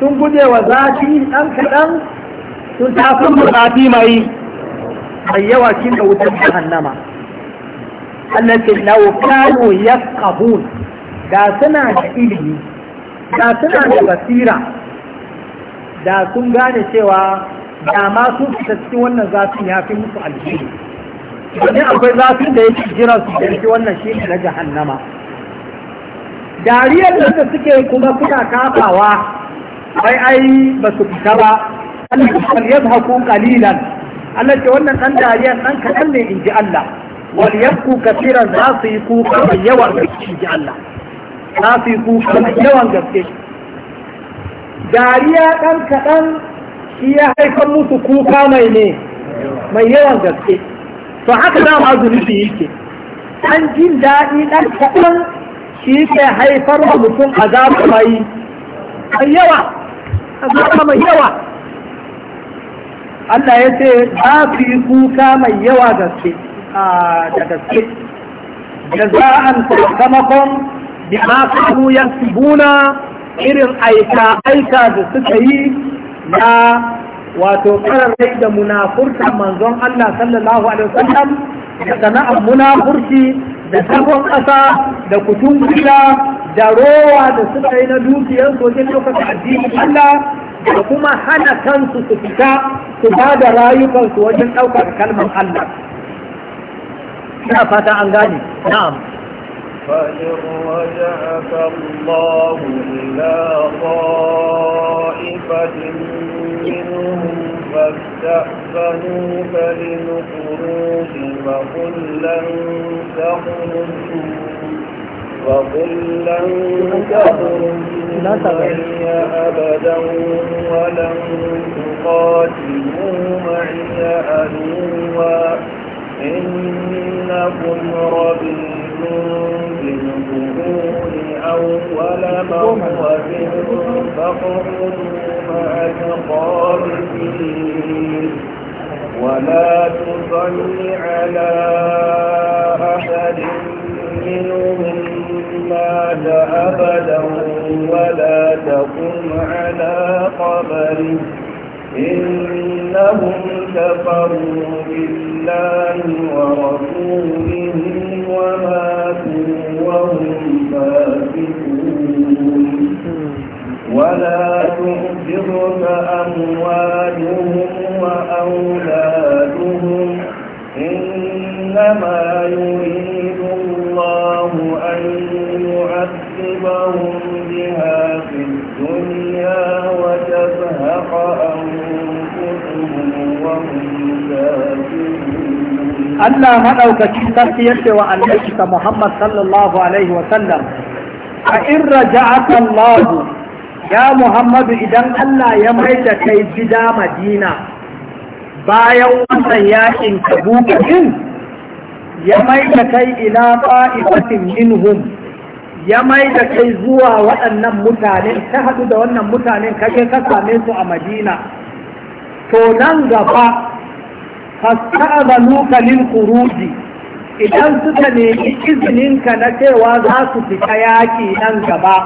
sun guje wa zafi ɗan kaɗan sun tafi mu zafi mai mai yawa kin da wutar jahannama Allah ce law kanu yaqabun da suna da ilimi da suna da basira da sun gane cewa da ma fita cikin wannan zafin ya fi musu alheri domin akwai zafin da yake jira su yanki wannan shi ne na jahannama dariyar da suke kuma kuna kafawa bai ai ba su fita ba Allah ya yadhaku qalilan Allah ce wannan dan dariyar dan kadan ne in ji Allah wal yabku kafiran za su yi kuka yawan gaske in ji Allah za su yi kuka yawan gaske dariya ɗan kaɗan shi ya haifar musu kuka mai ne mai yawan gaske to haka za ma zunubi yake an jin daɗi ɗan kaɗan shi ke haifar wa mutum a mai mai yawa azaba mai yawa Allah ya ce za su yi kuka mai yawa gaske da gaske da jaza'an sakamakon bima kanu buna. irin aika aika da suka yi na wato kararrai da munafurta manzon Allah sallallahu alaihi wasallam da sana'ar munafurci da sabon ƙasa da kutun da rowa da suka yi na dukiyar sojin lokacin addinin Allah da kuma hana kansu su fita su ba da rayukansu wajen ɗaukar kalmar Allah. Ina fata an gane, na'am. فإن رجعك الله إلى طائفة منهم فاستأذنوك للخروج فقل لن تخرجوا وقل لن تخرجوا معي أبدا ولن تقاتلوا معي أدوا إنكم ربيتم بالقرون أول مرة فاقعدوا مع الخالدين ولا تصل على أحد منهم مات أبدا ولا تقم على قبره إنهم كفروا بالله ورسوله وماتوا وهم فاسقون ولا تؤذرك أموالهم وأولادهم إنما يريد الله أن يعذبهم Allah maɗaukacin sarki yadda wa annabi ka Muhammad sallallahu alaihi wa sallam a in raja'aka Allah ya Muhammadu idan Allah ya mai da kai gida Madina bayan wannan yakin Tabuka din ya mai da kai ila qa'ifatin minhum ya mai da kai zuwa waɗannan mutanen ta haɗu da wannan mutanen kaje ka same su a Madina to nan gaba fasta'azanuka lil khuruji idan suka nemi izininka na cewa za su fita yaƙi nan gaba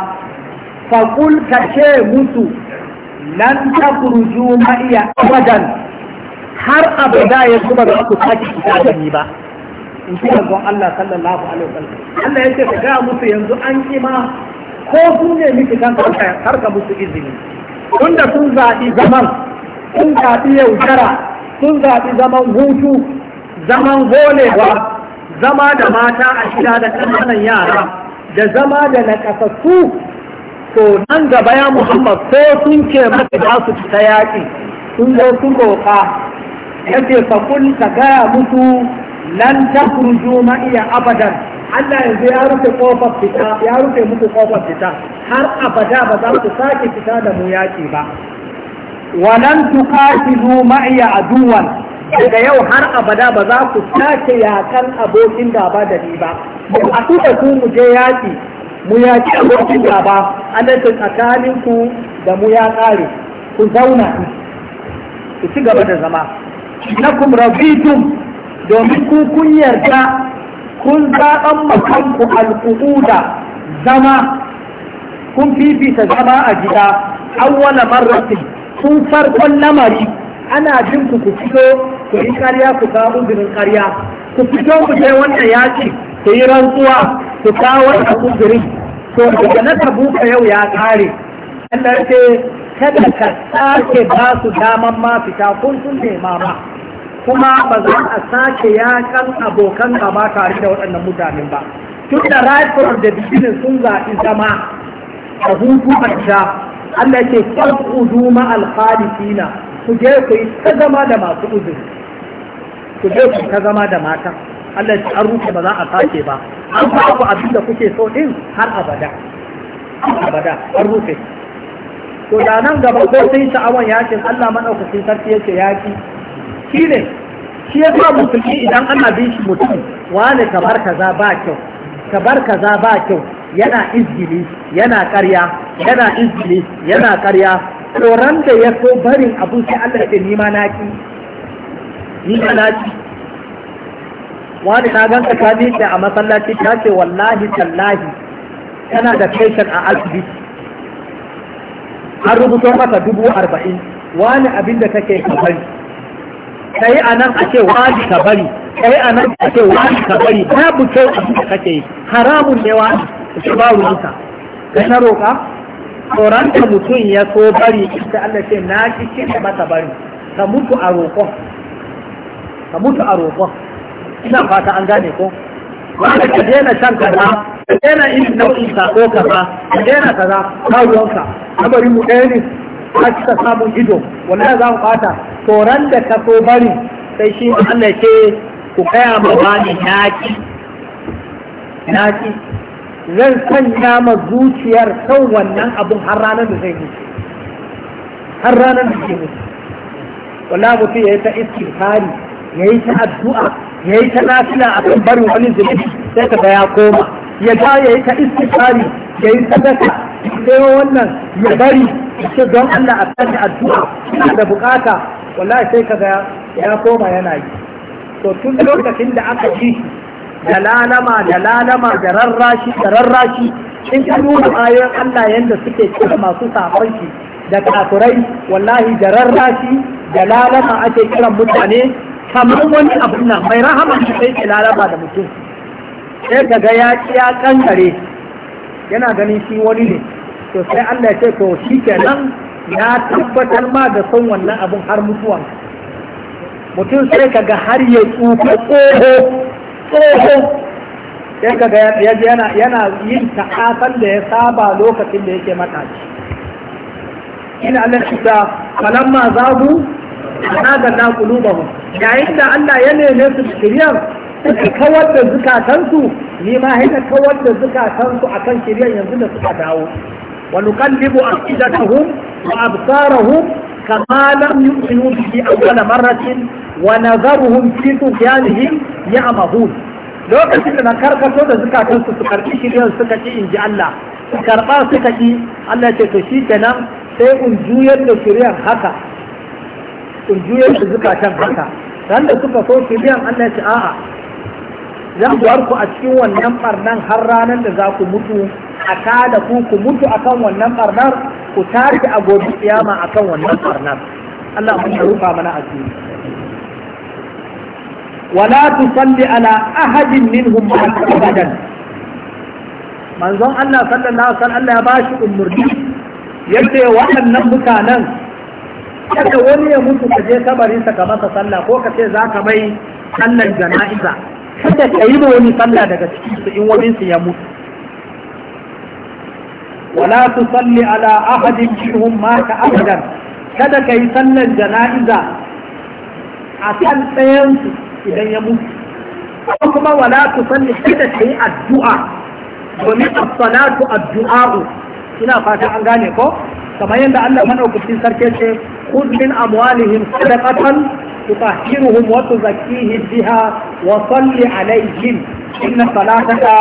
faƙul ka ce musu nan ta kurju ma'iya abadan har abada ya zuba da ku sake fita da ni ba in ji manzon Allah sallallahu alaihi wasallam Allah ya ce ka ga musu yanzu an kima ko su ne miki kan har ka musu izini tunda sun zaɓi zaman sun zaɓi yaudara sun zaɓi zaman hutu zaman golewa zama da mata a shida da ƙananan yara da zama da nakasassu to nan gaba ya muhammad ko sun ke maka da su fita yaƙi sun zo sun roƙa ya ce ka ka gaya musu lan ta kurju ma'iya abadan Allah yanzu ya rufe kofar fita ya rufe muku ƙofar fita har abada ba za ku sake fita da mu yaƙi ba walan tuqatilu ma'i aduwan daga yau har abada ba za ku sake yakan abokin gaba da ni ba mu haɗu da ku mu je yaƙi mu yaƙi abokin gaba Allah ta tsakanin ku da mu ya ƙare ku zauna ku ci gaba da zama nakum rabitum domin ku kun yarda kun zaɓan makanku alƙu'uda zama kun fifita zama a gida awwala marratin tun farkon lamari ana jin ku ku fito ku yi karya ku kawo uzurin karya ku fito ku je wannan yaki ku yi rantsuwa ku kawo wannan uzurin to daga na tabuka yau ya kare Allah ce kada ka sake ba su daman ma fita kun sun nema kuma ba za a sake yakan abokan gaba tare da waɗannan mutanen ba tun da right from the sun zaɓi zama a hutu a Allah ya ce farqudu ma al-khalifina ku je ku yi ta zama da masu uzuri ku je ku ta zama da mata Allah ya an rufe ba za a sake ba an ba ku abin da kuke so din har abada abada an rufe to da nan gaba ko sai sha'awan yakin Allah madaukakin sarki yake yaki shi ne shi ya sa musulmi idan ana bin shi mutum Wani ka bar kaza ba kyau ka bar kaza ba kyau yana izgili yana karya yana izgili yana karya tsoron da ya so barin abu sai Allah ya ni ma naki ni ma naki wani na ganka ka miƙe a masallaci ta ce wallahi tallahi tana da kaishan a asibiti an rubuto maka dubu arba'in wani abin da kake ka bari kai a nan a ce wani ka bari kai a nan a ce wani ka bari babu kyau abin da kake haramun ne wani shi ba ruwansa kai na roƙa tsoranta mutum ya so bari ita Allah ce na ki ce mata bari ka mutu a roƙon ka mutu a roƙon ina fata an gane ko wanda ka daina shan kaza ka daina yin nau'in sako kaza ka daina kaza ka ruwanka kamar mu ɗaya ne ka cika samun ido wallahi za mu fata tsoron da ka so bari sai shi Allah ce ku kaya ma bani naki naki zan sanya ma zuciyar kan wannan abun har ranar da zai mutu har ranar da zai mutu wala mutum ya yi ta istighfari ya yi ta addu'a ya yi ta nafila a kan barin wani zunubi sai ka ya koma ya ga ya yi ta istighfari ya yi ta sadaka sai wannan ya bari ce don Allah a kan addu'a ina da bukata wallahi sai ka ya koma yana yi to tun lokacin da aka ci shi da lalama da lalama da rarrashi da rarrashi in ka nuna ayoyin Allah yanda suke ce masu kafanki shi da kafurai wallahi da rarrashi da lalama ake kiran mutane kamar wani abu na mai rahama da sai ke lalama da mutum sai ka ga ya ya kankare yana ganin shi wani ne to sai Allah ya ce to shi kenan ya tabbatar ma da son wannan abun har mutuwa mutum sai ka ga har ya tsufa tsoho tsoho sai yana yana yin ta'asan da ya saba lokacin da yake matashi ina Allah shi ta falamma zagu ana na qulubahu yayin da Allah ya neme su shiriyar suka kawar da zukatansu ni ma haka kawar da zukatansu akan shiriyar yanzu da suka dawo wa nuqallibu afidatahum wa absarahum كما لم يؤمنوا به أول مرة ونذرهم في طغيانهم يعمهون lokacin da na karkato da zukatansu su karɓi shiryar suka ci in ji Allah su karɓa suka ci Allah ce to shi kenan sai in juyar da shiryar haka in juyar da zukatan haka Dan da suka so shiryar Allah ce a'a zan bar ku a cikin wannan barnan har ranar da za ku mutu a kada ku ku mutu akan wannan barnar ku tashi a gobe kiyama akan wannan barnar Allah mun rufa mana asiri wala tusalli ala ahadin minhum abadan manzon Allah sallallahu alaihi wasallam Allah ya bashi umurni yace waɗannan mutanen kada wani ya mutu ka je kabarin sa ka masa sallah ko ka ce zaka mai sallar jana'iza kada ka yi wani sallah daga cikin su in wani su ya mutu wala tusalli ala ahadin minhum mata abadan kada ka yi sallar jana'iza a kan tsayen idan ya mutu kuma wala tusalli kada kai addu'a domin a salatu addu'a ina fata an gane ko kamar yadda Allah madaukakin sarki ce khudh min amwalihim sadaqatan tutahhiruhum wa tuzakkihim biha wa salli alaihim inna salataka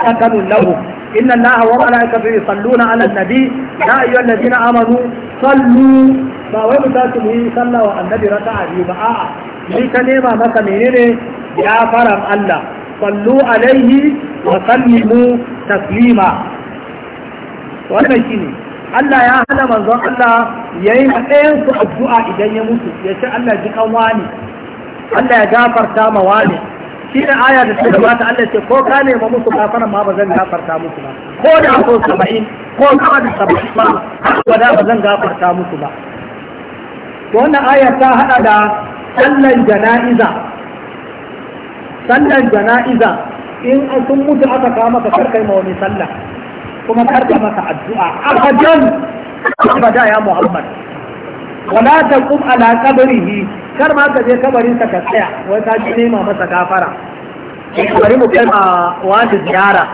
sakanun lahum إن الله وملائكته يصلون على النبي يا أيها الذين آمنوا صلوا ba wai mu tashi mu sallah wa annabi raka'a biyu ba a'a ni ka nema maka menene ya faran Allah Kallu alaihi wa sallimu taslima wannan shine Allah ya hana manzon Allah yayi ma ɗayan su addu'a idan ya mutu ya ce Allah ji kan wani Allah ya gafarta ma wani shi da aya da suka gabata Allah ce ko ka nema musu kafara ma ba zan gafarta musu ba ko da ko saba'in ko kama da saba'in ma haka da ba zan gafarta musu ba wannan aya ta hada da sallan jana'iza sallan jana'iza in sun mutu aka ka maka karkai ma wani sallah kuma karka maka addu'a abadan abada ya muhammad wala taqum ala qabrihi kar ma ka je kabarin sa ka tsaya wai ka ji nema masa gafara bari mu kai ma wani ziyara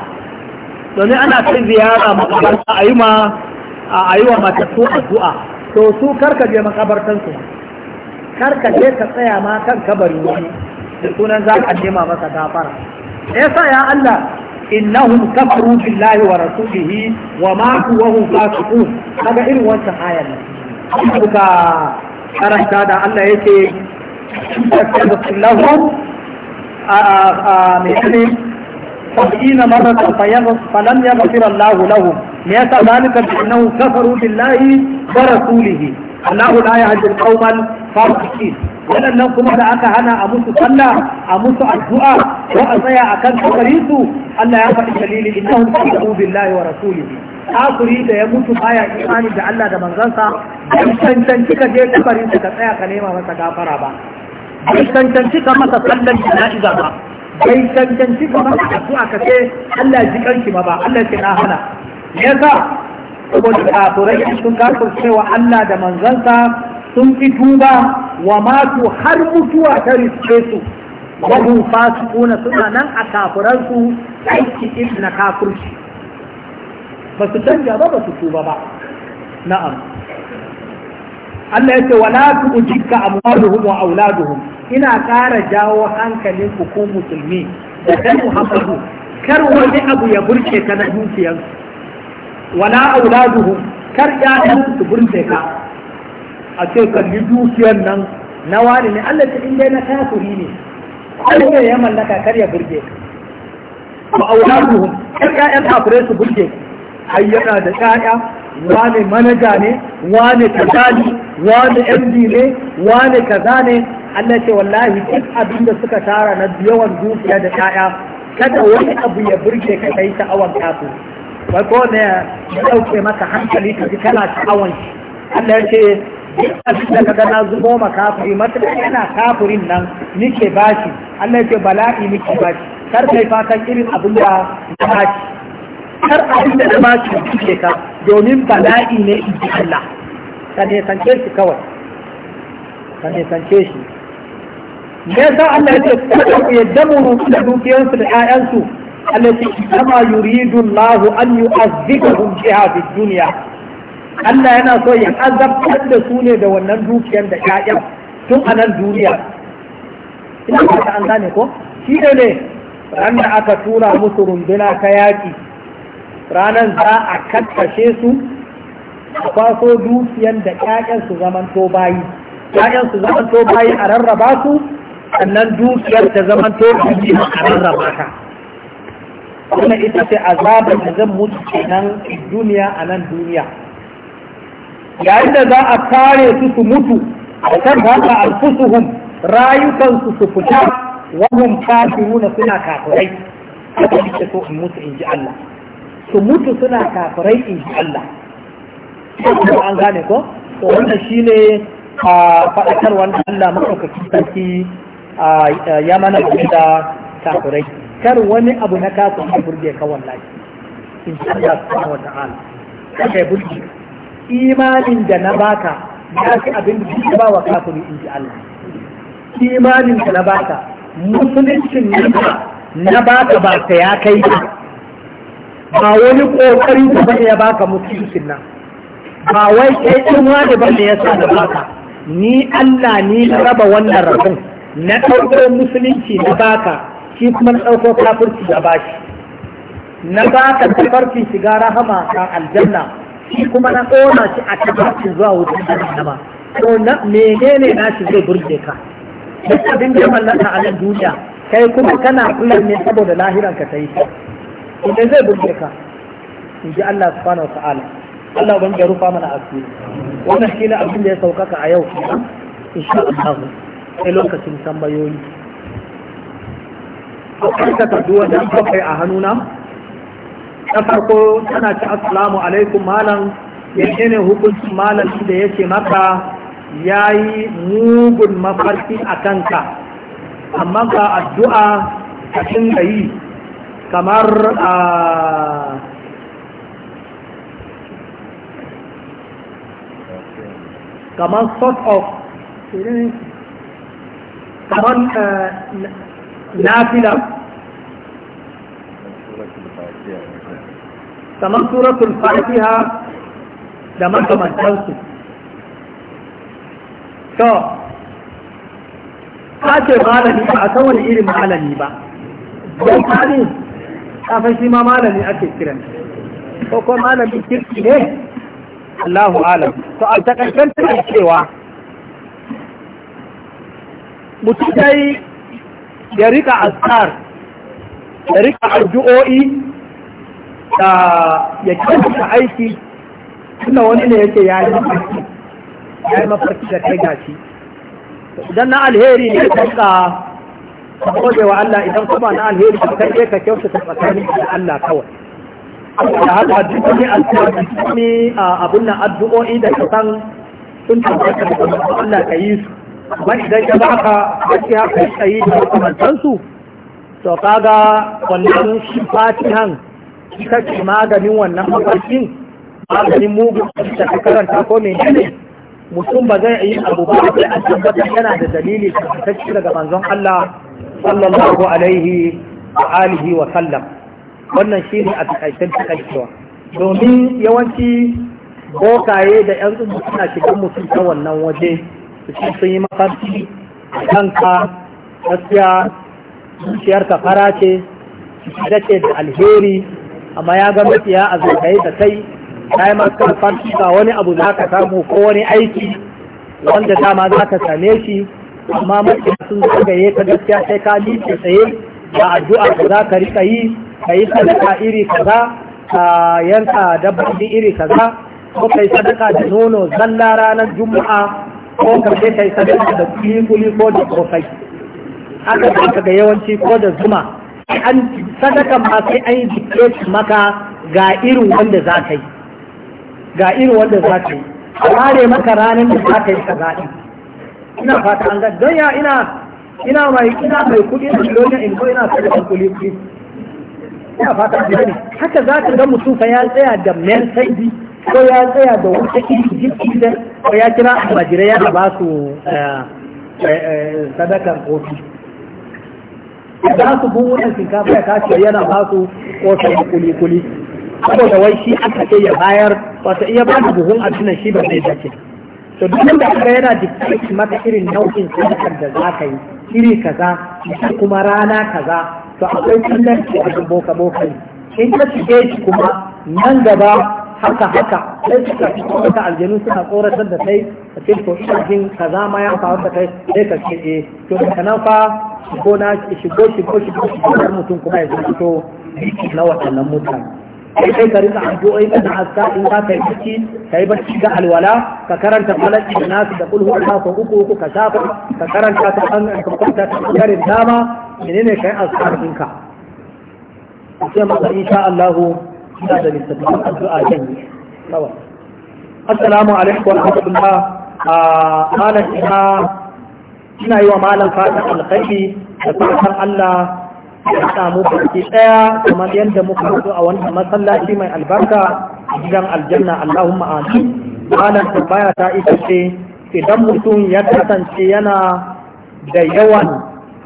domin ana kai ziyara makabarta a yi ma a yi wa matattu addu'a to su karka je makabartan su ka je ka tsaya ma kan kabari wani da sunan za ka nema masa gafara yasa ya Allah innahum kafaru billahi wa rasulihi wa matu wa hum fasiqun kaga irin wannan ayar nan suka karanta da Allah yake lahum a mai سبعين مرة فلم يغفر الله لهم ليس ذلك بأنه كفروا بالله ورسوله الله لا يهدي القوم الفاسقين waɗannan kuma da aka hana a musu sallah a musu addu'a ko a tsaya a kan kabari su Allah ya faɗi dalili innahum kafaru billahi wa rasulihi kafiri da ya mutu baya imani da Allah da manzansa dan cancanci ka je kabarin ka tsaya ka nema masa gafara ba bai cancanci ka masa sallan jana'iza ba bai cancanci ka masa addu'a ka ce Allah ji kanki ma ba Allah ce na hana yasa saboda kafirai sun wa Allah da manzansa sun fi tuba wa matu har mutuwa ta riske su wahum fasiquna suna nan a kafiran su aiki ibn kafirci ba su canja ba ba su tuba ba na'am Allah yace wala ujikka amwaluhum wa auladuhum ina kara jawo hankalin ku ku musulmi da kai Muhammadu kar wani abu ya burke ka na dukiyar wala auladuhum kar ya'yan su burke ka a ce kalli dukiyar nan na wani ne Allah ta inda na kafiri ne Allah ya mallaka kar ya burge ba auladuhum kar ƴaƴan kafirai su burge ayyana da ƴaƴa wani manaja ne wani kazali wani MD ne wani kaza ne Allah ce wallahi duk abin da suka tara na yawan dukiya da ƴaƴa kada wani abu ya burge ka kai sha'awan kafin ba ko ne ya ɗauke maka hankali ka ji kana ta Allah ya ce abin da kaga na zubo ma kafiri matuƙa yana kafirin nan nike bashi Allah ya ce bala'i nike bashi kar kai fatan irin abin da na bashi kar abin da na bashi kike ka domin bala'i ne in ji Allah ka ne sanke shi kawai ka ne sanke shi me sa Allah ya ce kada ku yadda mu da dukiyansu da 'ya'yansu? Allah ya ce kama yuridu Allah an yu'azzibahum biha fid dunya Allah yana so ya azabtar da su ne da wannan dukiyar da ƴaƴan tun a nan duniya ina ba an gane ko shi ne ne ran da aka tura musu runduna ta yaƙi ranar za a kakkashe su a kwaso dukiyar da ƴaƴan su zaman to bayi ƴaƴan su zaman to bayi a rarraba su sannan dukiyar ta zaman to bayi a rarraba ta wannan ita ce azabar da zan mutu kenan duniya a nan duniya yayin da za a kare su su mutu a kan haka alfusuhum rayukansu su fita wahum kafiruna suna kafirai haka nake so in mutu in ji Allah su mutu suna kafirai in ji Allah an gane ko to wannan shine a faɗakar wannan Allah maɗaukaki sarki ya mana da kafirai kar wani abu na kafin ya burge ka wallahi in sha Allah subhanahu wa ta'ala kai burge imanin da na baka ya fi abin da duk ba wa kafiri in ji Allah imanin da na baka musuluncin naka na baka ba ta ya kai ba ba wani kokari da bane ya baka musuluncin nan ba wai kai ɗan wani bane ya sa da baka ni Allah ni raba wannan rabon na ɗauko musulunci na baka shi kuma na ɗauko kafirci da bashi na baka tafarki shiga rahama ta aljanna shi kuma na tsona shi a tabbacin zuwa nan ba to na menene na shi zai burge ka da abin da ya mallaka a nan duniya kai kuma kana kullum ne saboda lahiran ka sai idan zai burge ka in ji Allah subhanahu wa ta'ala Allah ban ya rufa mana asiri wannan shi ne abin da ya saukaka a yau insha Allah sai lokacin tambayoyi ko kan takardu wanda da kai a hannuna ta farko tana ci assalamu alaikum malam ya ne hukuncin malam da yake maka ya yi mugun mafarki a kanka amma ba addu'a ka dinga yi kamar a kamar sort of kamar eh, nafila kamar suratul fatiha da makamantansu to ka ce malami ba a san wani irin malami ba don kani kafin shi ma malami ake kiran ko kuma malami kirki ne Allahu alam to a takaicen tana cewa mutum dai ya rika asar ya rika addu'o'i da ya aiki tunda wani ne yake ya yi mafarki ya yi mafarki da kai gashi idan na alheri ne ka ka gode wa Allah idan kuma na alheri ka kai ka kyautata tsakani da Allah kawai da haka duk a alheri a abun nan addu'o'i da ka san sun tabbata da Allah ka yi su amma idan ka ba ka gaskiya ka yi da makamantansu to kaga wannan shi fatihan ita ce maganin wannan mafarkin maganin mugun da ta karanta ko mai ne mutum ba zai yi abu ba sai a tabbatar yana da dalili ci daga manzon Allah sallallahu alaihi wa alihi wa sallam wannan shine a takaicen takaitawa domin yawanci bokaye da yan tsubu suna shigar mutum ta wannan waje su ci sun yi mafarki kanka gaskiya ka fara ce da ce da alheri amma ya ga mafiya a zai da kai ta yi maka farki ba wani abu za ka samu ko wani aiki wanda dama za ka same shi amma mafiya sun zagaye ta gaskiya sai ka miƙe tsaye da addu'a da za ka rika yi ka yi sadaka iri kaza ka yanka dabbobi iri kaza ko ka yi sadaka da nono zalla ranar juma'a ko ka je ka yi sadaka da kuli-kuli ko da kofai haka ka yawanci ko da zuma an sadakan ma sai an yi maka ga irin wanda za ka yi ga irin wanda za ka yi a ware maka ranar da za ka yi kaza din ina fata an ga don ya ina ina mai ina mai kuɗi da lokacin in ko ina sadakan kuli kuɗi ina fata an gane haka za ka ga mutum fa ya tsaya da mensaidi ko ya tsaya da wata iri ko ya kira almajirai ya ba su eh, eh, eh, sadakar kofi za su wannan shinkafa ya tashi yana ba su kosai kuli kuli saboda wai shi aka ce ya bayar wata iya ba da buhun abinan shi ba zai dace to duk da aka yana dikkaci maka irin nau'in sadakar da za ka yi iri kaza kuma rana kaza to akwai kallon a boka boka in ka shige shi kuma nan gaba haka haka sai suka fi wata aljanu suna tsoratar da kai a cikin to ina jin kaza ma ya faru da kai sai ka ce eh to daga nan fa shigo na shigo shigo shigo shigo mutum kuma ya fito na waɗannan mutane sai kai ka rika addu'o'i ka haska in ka kai bacci kai bacci ga alwala ka karanta falaki da nasu da kulhu Allah ko uku uku ka shafa ka karanta ta an ka kwanta ta karin dama menene kai azkar ɗinka sai maka insha Allah ina da littattafan addu'a yi assalamu alaikum wa rahmatullah a malam ina ina yi wa malam fatan alkhairi da fatan Allah ya samu baki daya kamar yadda muka hudu a wannan masallaci mai albarka gidan aljanna Allahumma amin malam tambaya ta ita ce idan mutum ya kasance yana da yawan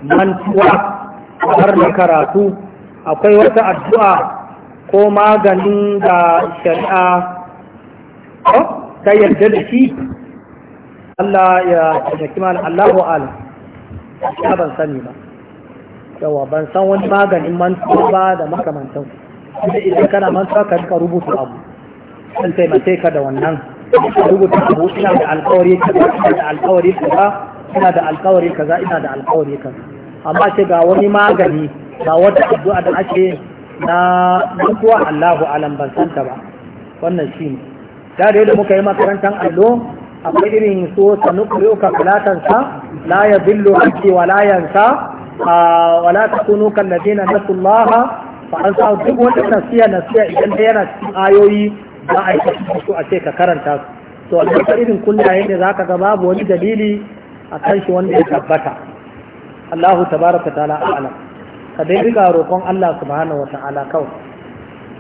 mantuwa har da karatu akwai wata addu'a ko maganin da shari'a ta yarda da shi Allah ya taimaki mana Allahu ala ya ban sani ba yawa ban san wani maganin mantuwa ba da makamantan inda idan kana mantuwa ka rika rubuta abu zan taimake ka da wannan rubuta abu ina da alkawari kaza ina da alkawari kaza ina da alkawari kaza ina da alkawari kaza amma ce ga wani magani ga wata addu'a da ake na kuwa Allahu alam ban santa ba wannan shi ne da da muka yi makarantar allo akwai irin so sanukuri uka filatansa la ya billo ake wala yansa wala ta kunu na nasullaha fa an sa duk wata nasiya nasiya idan da yana cikin ayoyi ba a yi su a ce ka karanta su to a cikin irin kunya ne za ka ga babu wani dalili a kan shi wanda ya tabbata Allahu tabaraka ta'ala a'lam ka dai riga roƙon Allah subhanahu wata'ala kawai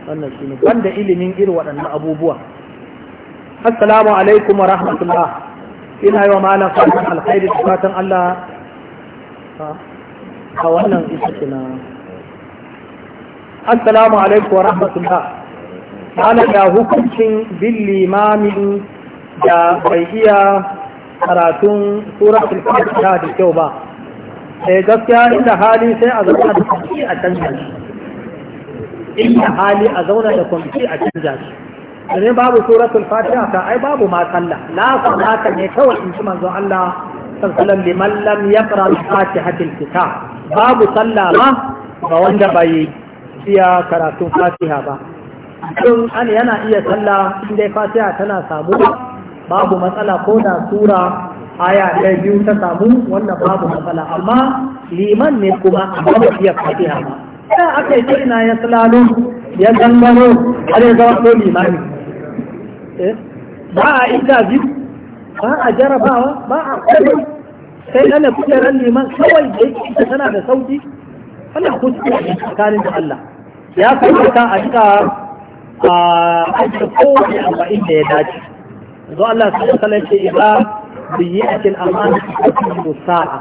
wannan shi shine banda ilimin irin waɗannan abubuwa assalamu alaikum wa rahmatullah ina yi wa malam fatan alkhairi da fatan Allah a wannan isa kina assalamu alaikum wa rahmatullah Malam da hukuncin bin limamin da bai iya karatun suratul fatiha da kyau ba sai eh, gaskiya inda hali sai a zauna da kwamfi a canza shi inda hali a zauna da kwamfi a canza shi domin babu suratul fatiha ta, ai babu ma sallah la salata ne kawai in ji manzon Allah sallallahu alaihi liman lam yaqra fatihatil kitab babu sallah ma ga wanda bai iya karatun fatiha ba don an yana iya sallah in dai fatiha tana samu babu matsala ko da sura aya ɗaya biyu ta samu wannan babu matsala amma liman ne kuma a babu iya fatiha ba ta aka yi kirina ya tsalalu ya gangaro har ya zama ko limani eh, ba a biyu ba a jarabawa ba a kwallo sai ana kujeran liman kawai da yake ita tana da sauki wannan kuskure ne tsakanin da Allah ya ta a cika a aiki kowane arba'in da ya dace. Zo Allah sai ya ce idan biyyatin amana a cikin sa'a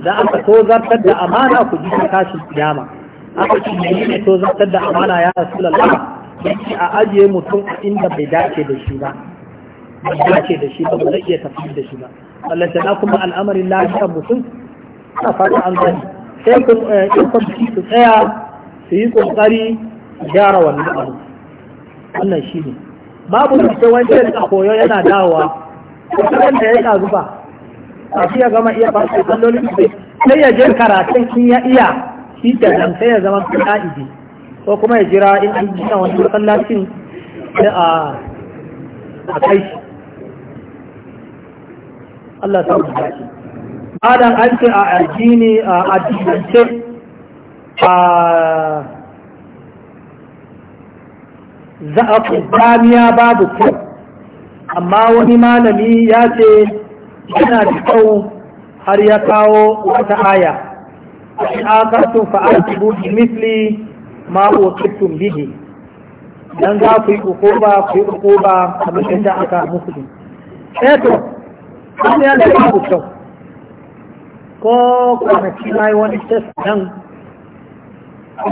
idan aka so zartar da amana ku ji tashin kiyama aka ce ne ne so zartar da amana ya rasu rasulullah yace a ajiye mutum a inda bai dace da shi ba bai dace da shi ba ba zai iya tafi da shi ba wallahi na kuma al'amarin lafiyar mutum ana fata an gani sai kun eh, in kun su tsaya su yi kokari gyara wannan abu wannan shine babu da wancan a koyo yana dawowa kusurin da ya kazu ba a fiye gama iya ba su kallolin sai ya je karatun in ya iya shi da nan sai ya zama ka'idi ko kuma ya jira in an gina wani masallacin da a a kai shi Allah sa rubuta shi bayan an ce a addini a addinance a za a babu kyau amma wani malami ya ce yana da kyau har ya kawo wata aya in akartum fa’ar su buɗe misli ma uqittum bihi don za ku yi ba ku yi a kamar da aka musulun eto eh an yi ala yi kyau ko kwanaki ma yi wani test nan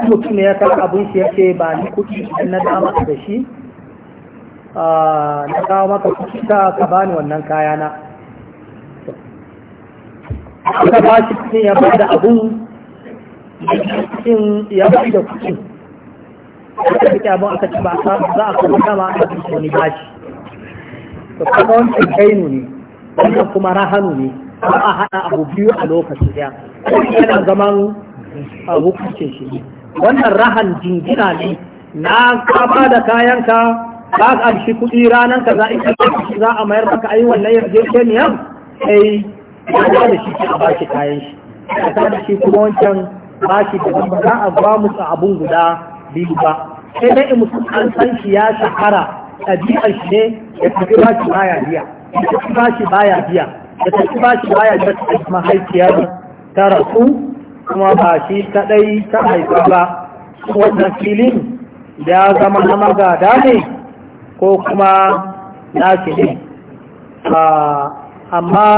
mutum ya kar abin shi ya ce ba ni kuɗi na dama da shi na kawo maka kuɗi ka ka bani wannan kaya na aka ba shi cikin ya bada abun cikin ya bada kuɗin aka fi abin aka ci ba za a kuma kama a cikin wani shi to kuma wancan kainu ne wannan kuma rahanu ne ba a haɗa abu biyu a lokaci ɗaya yana zaman hukuncin shi wannan rahan jingina ne na ka ba da kayanka Ba ka amshi kuɗi ranar ka za a za a mayar maka ayi wannan yarjejeniyar sai ya da shi a bashi kayan shi ka da shi kuma wancan bashi da ba za a ba musu abun guda biyu ba sai dai musu an san shi ya shahara ɗabi'ar shi ne ya tafi bashi baya biya ya tafi bashi baya biya ya tafi bashi baya biya ta haifiyar ta rasu kuma ba shi kaɗai ta haifa ba wannan filin ya zama na magada ne ko kuma nashi ne ah, amma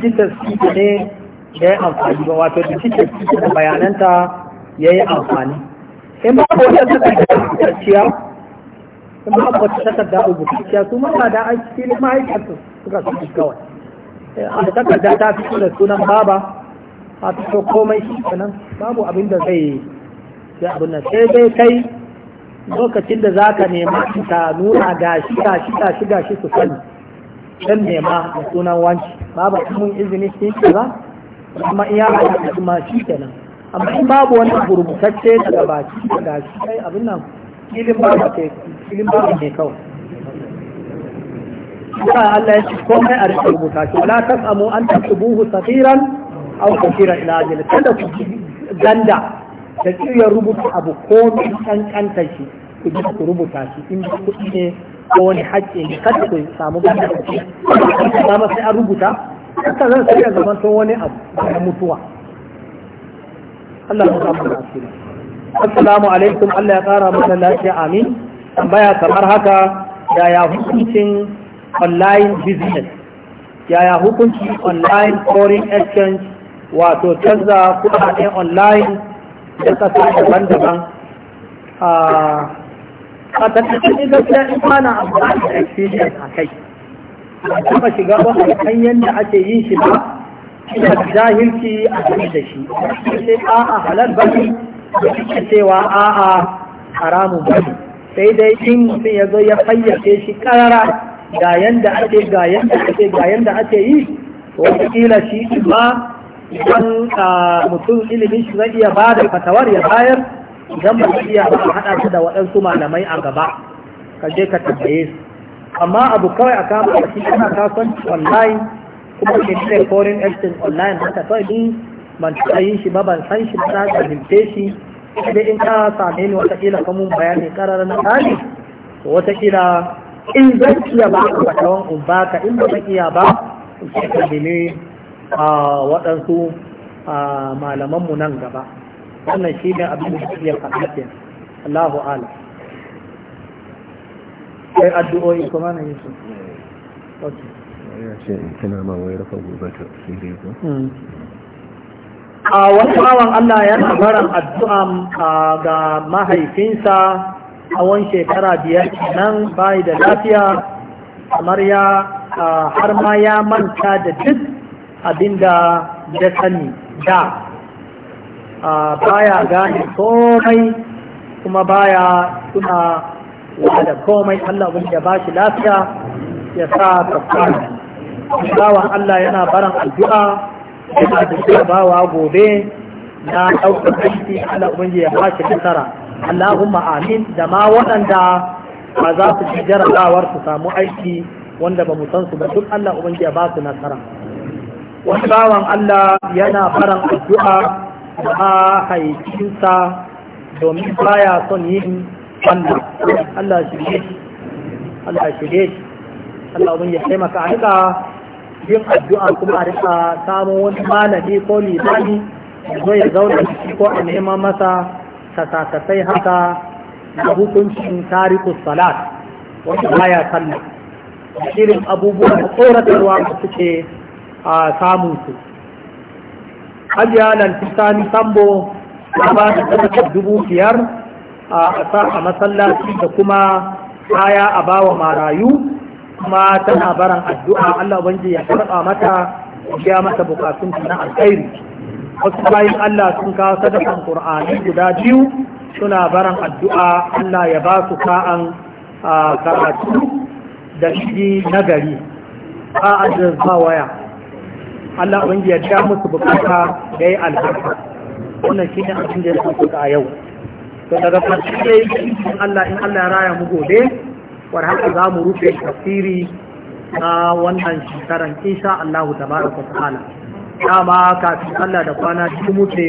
digital speaker ne ya yi amfani ba wato digital speaker da bayananta ya yi amfani in ba ko ta takarda rubutacciya in ba ko ta takarda rubutacciya su mata da an cikin ma'aikatu suka su kawai eh, a takarda ta fi suna sunan baba a fito komai shi kenan babu abin da zai yi abin nan sai dai kai lokacin da za ka nema ta nuna ga shi ga shi ga shi ga shi su sani dan nema da sunan wanci babu mun izini shi ke ba amma iya ba ta kuma shi kenan amma in babu wani gurgutacce daga baki ga shi kai abin nan filin babu ke filin ba ne kawai Sa Allah ya ce komai a rikin rubuta shi wala tasamu an tasubuhu safiran aw kafiran ila ajali kada ku ganda da ya rubuta abu ko mai kankanta shi ku ji ku rubuta shi in ku ne ko wani haƙƙi ne kada ku samu gani da kuɗi dama sai a rubuta haka zan sai ya zama to wani abu da mutuwa Allah ya mu asiri assalamu alaikum Allah ya ƙara mana lafiya amin tambaya kamar haka ya hukuncin online business yaya hukuncin online foreign exchange wato canza kuɗaɗe online da ƙasa daban-daban a tattalin ne gaskiya in mana abu da experience a kai ba taɓa shiga ba hanyar da ake yin shi ba ina jahilci a gani da shi sai a'a halar ba ne da cewa a'a haramun ba sai dai in mutum ya zo ya fayyace shi karara ga yanda ake ga yanda ake ga yanda ake yi wataƙila shi ba. idan ah, mutum ilimin shi zai iya ba da fatawar ya bayar idan ba zai iya ba hada shi da waɗansu malamai a gaba ka je ka tambaye su amma abu kawai a kama a cikin ana kasuwanci online kuma ke ne foreign exchange online haka kawai ni ban taɓa yin shi ba ban san shi ba na zalunce shi sai in ka same ni watakila ka mun bayani ƙararar na tsari wataƙila in zai iya ba a fatawan in ba ka in ba zai iya ba ka a waɗansu a malamanmu nan gaba wannan shi ne abin da iya faɗaɗin Allahu ala sai addu'o'i kuma na yi su a wani bawan Allah yana baran addu'a ga mahaifinsa a wani shekara biyar nan bayi da lafiya kamar ya har ma ya manta da duk abinda ya sani da baya gane komai kuma baya suna da komai Allah wanda ba shi lafiya ya sa tsakani bawan Allah yana baran addu'a yana da jarabawa gobe na ɗaukar aiki Allah wanda ya ba shi nasara Allahumma amin da ma waɗanda ba za su ji jarabawar su samu aiki wanda ba mu san su ba duk Allah ubangiji ya ba su nasara wani bawan Allah yana faran addu'a a haifinsa domin baya son yin Allah Allah shirye Allah shirye Allah ya taimaka a rika yin addu'a kuma a rika samun wani malami ko limani zo ya zauna shi ko a neman masa tasasasai haka na hukuncin tarikus salat wani baya sallah Shirin abubuwan tsoratarwa da suke a samun su hajiya Sani sambo ya ba da sadakar dubu biyar a masallaci da kuma kaya a ba wa marayu kuma tana baran addu'a Allah ubangiji ya karɓa mata ya mata bukatun na alkhairi wasu bayan Allah sun kawo sadakan ƙur'ani guda biyu suna baran addu'a Allah ya ba su ka'an karatu da shi nagari gari a waya Allah ubangi ya ja musu bukata da ya albarka wannan shi ne abin da ya suka a yau to daga farko dai Allah in Allah ya raya mu gobe war haka za mu rufe tafsiri na wannan shekaran insha Allah tabaraka ta'ala dama kafin Allah da kwana shi muke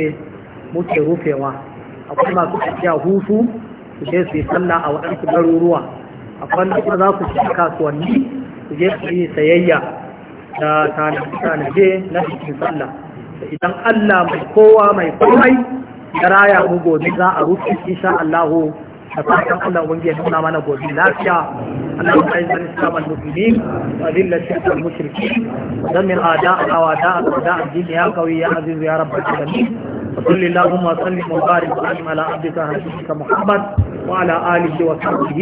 muke rufewa akwai masu tafiya hutu su je su yi sallah a waɗansu garuruwa akwai wanda za su shi kasuwanni su je su yi sayayya da tanaje na cikin sallah da idan Allah mai kowa mai komai ya raya mu gobe za a rufe insha Allahu! da fatan Allah ubangi ya nuna mana gobe lafiya Allah ya yi zan islam al-muslimin wa zilla al-mushrikin dan min ada awa da da addini ya kawi ya aziz ya rabbal alamin وصل اللهم وسلم وبارك وانعم على عبدك محمد وعلى اله وصحبه